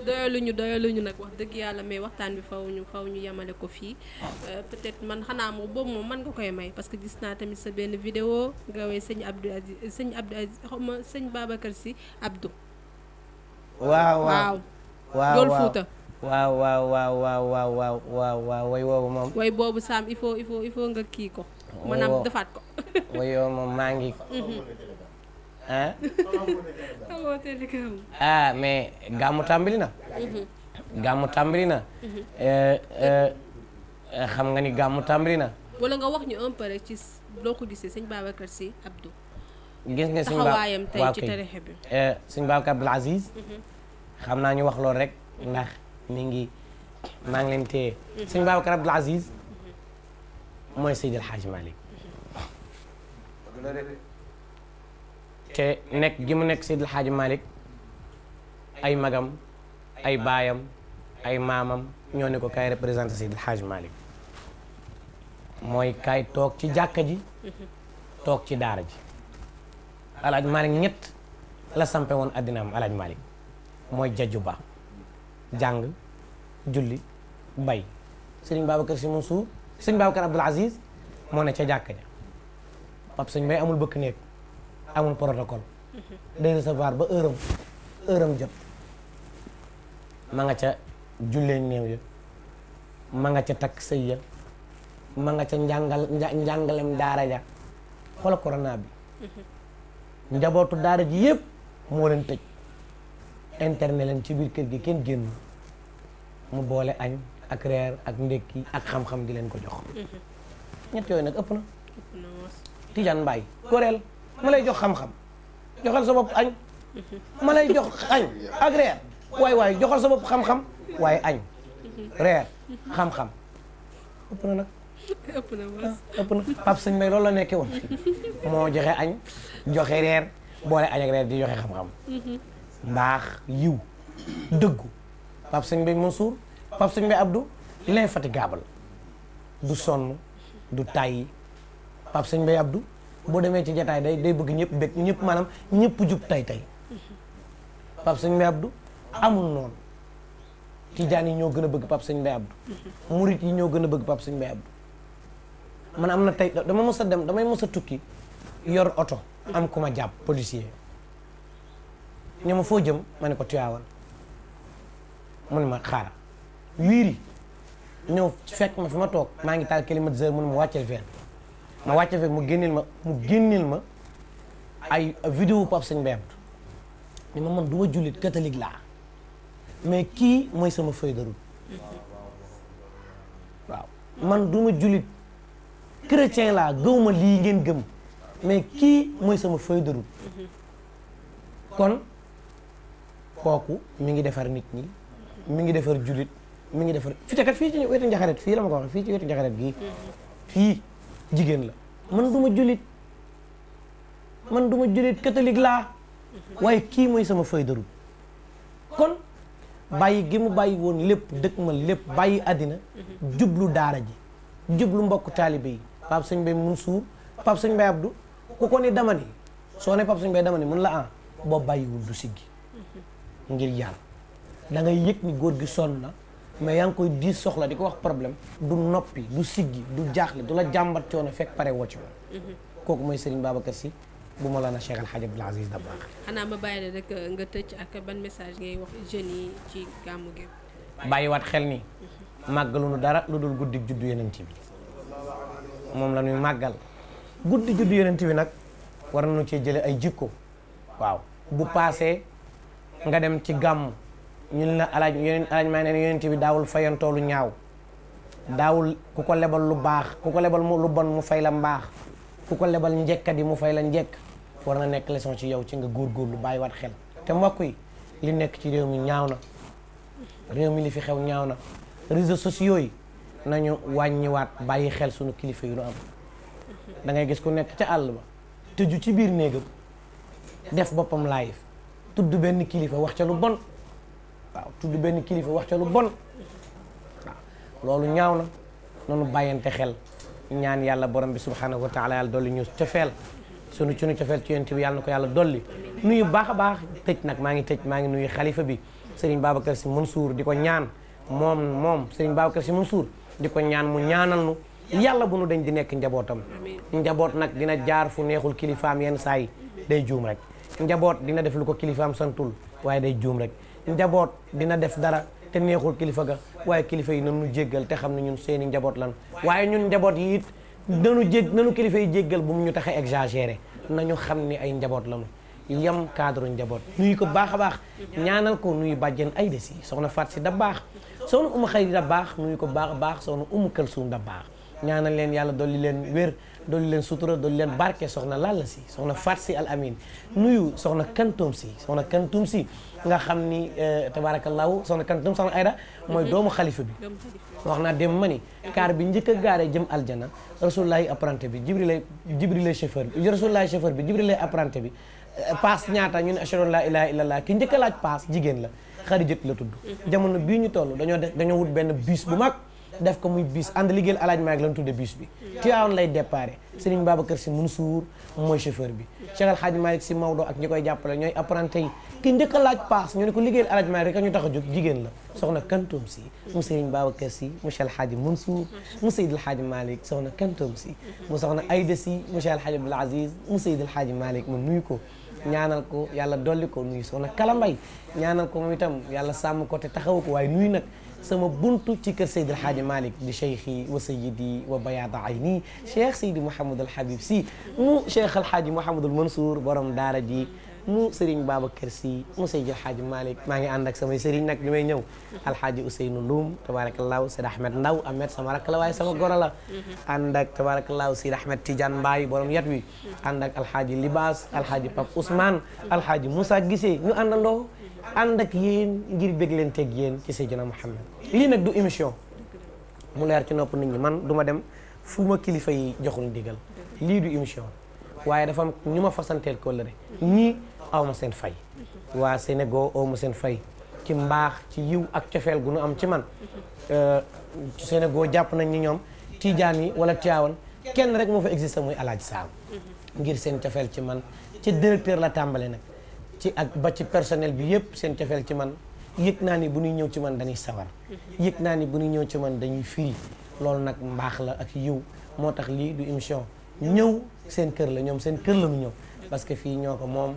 doyaluñu doyaluñu nag wax dëgg yàlla mais waxtaan bi faw ñu faw ñu yemale ko fii euh, peut-être man xanaa moom boobu moom man nga koy may parce que gis naa tamit sa benn vidéo nga woy sëñ Abdou Aziz sëñ Abdou Aziz xaw ma sëñ si Abdou waaw waaw waaw loolu Fouta. waaw waaw waaw waaw waaw waaw waaw waaw way woowu moom. way boobu Sam il faut il faut nga kii ko. maanaam defaat ko. way woowu moom maa ngi. ah. ah mais gàmmu tàmbali na. Mhm. gàmmu tàmbali na. Mhm. Eh, eh, xam nga ni gàmmu tàmbali na. wala nga wax ñu un peu rek ci loo ko gisee sëñ Babacar Sy Abdou. gis nga sëñ Ba eh, Abdoul Aziz. xam naa ñu wax loolu rek ndax mi ngi maa ngi leen téye sëñ Babacar Aziz mooy Seydi El malik Malick nekk gi mu nekk Seydi El malik ay magam ay baayam ay maamam ñoo ne ko kaay représenté Seydi El malik mooy kaay toog ci jàkka ji toog ci daara ji alaaj Malick ñett la sampe woon addinaam alaaj malik mooy jajuba jàng julli bay sëriñ Babacar si Mansour sëriñ Babacar Abdoul Aziz moo ne ca jàkka ja pap sëñ bay amul bëkk néeg amul protocole day recevoir ba heure am heure am jot nga ca jullee néew ya ma nga ca takk sëy ya ma nga ca njàngal daara ja xoola corona bi mm-hmm. njabootu daara ji yëpp moo leen tëj internet leen ci biir kër gi kenn génn mu boole añ ak reer ak ndékki ak xam-xam di leen ko jox mm-hmm. ñett yooyu nag ëpp na Tidiane Mbaye goreel ma lay jox xam-xam joxal sa bopp añ mm-hmm. ma lay jox añ ak reer waay waay joxal sa bopp xam-xam waaye añ mm-hmm. reer xam-xam ëpp na nag ëpp na mos ah, ëpp na Pape Sëñ Mbaye loolu la nekkee woon moo joxe añ joxe reer boole añ ak reer di joxe xam-xam mbaax yiw dëggu Pape Sëñ Bay Mansour Pape Sëñ Bay Abdou l'infatigable du sonn du tay Pape Sëñ Bay abdu boo demee ci jataay day day bëgg ñëpp bëgg ñëpp maanaam ñëpp jub tay tay Pape Sëñ Bay Abdou amul noonu tijaan yi ñoo gën a bëgg Pape Sëñ Bay Abdou murit yi ñoo gën a bëgg Pape Sëñ Bay Abdou man am na tey dama mës a dem damay mës a tukki yor oto am ku jàpp policier ñu ma foo jëm ma ne ko Tiwaawan mu ne ma xaaral wiiri ñëw fekk ma fi ma toog maa ngi taal climatiseur mu ne ma wàcceel feen ma wàcceel mu génneel ma mu génneel ma ay vidéo Pape Sëñ Mbaye Abdou ni ma man du ma jullit catholique laa mais kii mooy sama feuille de route waaw man du ma jullit chrétien laa gëwma lii ngeen gëm mais kii mooy sama feuille mhm. kon kooku mi ngi defar nit ñi mu ngi defar julit mi ngi defar fi tekat fii ci wetu njaxaret fii la ma ko waxee fii ci wetu njaxaret gii fii jigéen la man du ma julit man duma ma katolik laa waaye kii mooy sama feuille de kon bàyyi gi mu bàyyi woon lépp dëkk ma lépp bàyyi àddina jublu daara ji jublu mbokk taalibe yi Pape Sëñ Bay Mansour Pape Sëñ Bay Abdou ku ko ni dama ni soo ne Pape Sëñ Bay dama ni mun la ah boo bàyyiwul du siggi ngir jàll da ngay yëg ni góor gi sonn na mais yaa ngi koy diis soxla di ko wax problème du noppi du siggi du jaaxle du la jàmbat coono fekk pare woo ci mm-hmm. kooku mooy Serigne Babacar Sy bu ma laana Cheikh El Hadj Abdoul Aziz Dabakh xanaa ma bàyyi la rek euh, nga tëj ak ban message ngay wax jeunes yi ci gàmmu gi bàyyiwaat xel ni màgg mm-hmm. màggaluñu dara lu dul guddi juddu yonent bi moom la ñuy màggal guddi juddu yonent bi nag war nañu cee jële ay jikko waaw bu paasee nga dem ci gàmm ñun la alaaj yeneen alaaj maa neen yonent bi daawul fayantoo lu ñaaw daawul ku ko lebal lu baax ku ko lebal mu lu bon mu fay la mbaax ku ko lebal njëkkadi mu fay la njekk war na nekk leçon ci yow ci nga góorgóorlu waat xel te mbokk yi li nekk ci réew mi ñaaw na réew mi li fi xew ñaaw na réseau sociaux yi nañu wàññiwaat bàyyi xel suñu kilifa yu nu am da gis ku nekk ca àll ba tëju ci biir néegam def boppam live tudd benn kilifa wax ca lu bon benn kilifa wax ca lu loolu ñaaw na noonu bàyyante xel ñaan yàlla borom bi subhanahu wa taala yàlla dolli ñu cofeel sunu sunu cofeel yàlla ko yàlla dolli baax a tëj nag maa ngi tëj maa ngi nuyu xalifa bi sëriñ Babacar Sy Mansour di ko ñaan moom moom sëriñ Babacar Sy Mansour di ko ñaan mu ñaanal nu yàlla bu nu deñ di nekk njabootam njaboot nag dina jaar fu neexul kilifaam yenn saa yi day juum rek njaboot dina def lu ko kilifaam santul waaye day juum rek njaboot dina def dara te neexul kilifa ga waaye kilifa yi nanu jéggal te xam ne ñun seeni njaboot lan waaye ñun njaboot yi it nanu jég nanu kilifa yi jéggal bu mu ñu tax a na ñu xam ni ay njaboot lanu yam cadre njaboot nuyu ko baax a baax ñaanal ko nuyu bàjjen ay de si soxna Faat si da baax soxna umu xayri da baax nuyu ko baax baax baax soxna umu këlsuum da baax ñaanal leen yàlla dolli leen sutura dolli leen barke soxna Lalla si soxna Fat si al amin nuyu soxna kantum si soxna kantum si nga xam ni eh, tabaarakallaahu soxna kantum soxna Ayda mooy doomu xalifa bi wax naa dem ma ni kaar bi njëkk a gaaree jëm aljana rasululaahi apprenti bi jibrilay jibrilay chauffeur bi rasululaahi chauffeur bi jibrilay apprenti bi eh, paas ñaata ñu ne ashhadu an laa ilaaha illallaah ki njëkk laaj paas jigéen la xarijat la tudd mhm. jamono bii ñu toll dañoo def dañoo wut benn bus bu mag def ko muy bis ànd liggéeyal alaaj maag lan tudde bis bi Tiwaawan lay déparé Serigne Babacar Sy Mansour mooy bi Cheikh El Hadj si Sy Maodo ak ñi koy jàppale ñooy apprenti yi ki njëkk a laaj paas ñu ne ko liggéeyal a ñu tax a jóg jigéen la soxna Kantoum Sy mu Serigne Babacar Sy mu Cheikh El Hadj Mansour mu Seydil Hadj Malick soxna Kantoum Sy mu soxna Aïda Sy mu Cheikh El Hadj Abdoul Aziz mu Seydil Hadj Malick ma nuyu ko ñaanal ko yàlla dolli ko nuyu soxna Kalambay ñaanal ko moom itam yàlla sàmm ko te ko waaye nuyu nag sama buntu ci kër Seydi El Hadji Malick di cheikhi wa sayidi wa bayaada ayni cheikh Seydi Mouhamed El Habib si mu cheikh El Hadji Mouhamed El Mansour borom daara ji mu Serigne Babacar Sy mu Seydi El Hadji Malick maa ngi ànd ak samay Serigne nag li may ñëw alhaaji Ousseynou Ndoum tabaarakallaahu Seydi Ahmed Ndaw Ahmed sama rakk la waaye sama goro la ànd ak tabaarakallaahu Seydi Ahmed Tidiane Mbaye borom yat wi ànd ak alhaaji Libaas alhaaji Pape Ousmane alhaaji Moussa Gissé ñu àndandoo ànd ak yéen ngir bég leen teg yéen ci Seydina Mouhamed lii nag du émission mu leer ci nopp nit ñi man duma dem fu ma kilifa yi joxul digal lii du émission waaye dafa am ñu ma fasanteel kóllëre ñii aw ma seen fay waa Sénégal aw ma seen fay ci mbaax ci yiw ak cofeel gu nu am ci man euh, Sénégal jàpp nañ ni ñoom Tijaan yi wala Tiwaawan kenn rek moo fa existé muy Alaaji Saam ngir seen cofeel ci man ci directeur la tàmbale nag ci ak ba ci personnel bi yépp seen cofeel ci man yëg naa ni bu ñuy ñëw ci man dañuy sawar yëg naa ni bu ñuy ñëw ci man dañuy firi loolu nag mbaax la ak yiw moo tax lii du émission ñëw seen kër la ñoom seen kër la mu ñëw parce que fii ñoo ko moom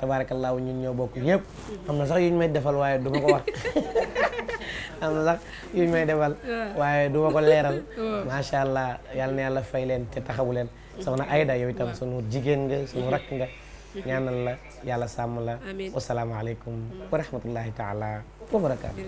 tabaarakallaahu ñun ñoo bokk yëpp am na sax yuñ may defal waaye du ma ko wax am na sax yuñ may defal waaye du ma ko leeral macha allah yal yàlla fay leen te taxawu leen soxna Ayda yow itam sunu jigéen nga sunu rakk nga ñaanal la yàlla sàmm la wasalaamaaleykum wa rahmatullahi taala wa barakaatu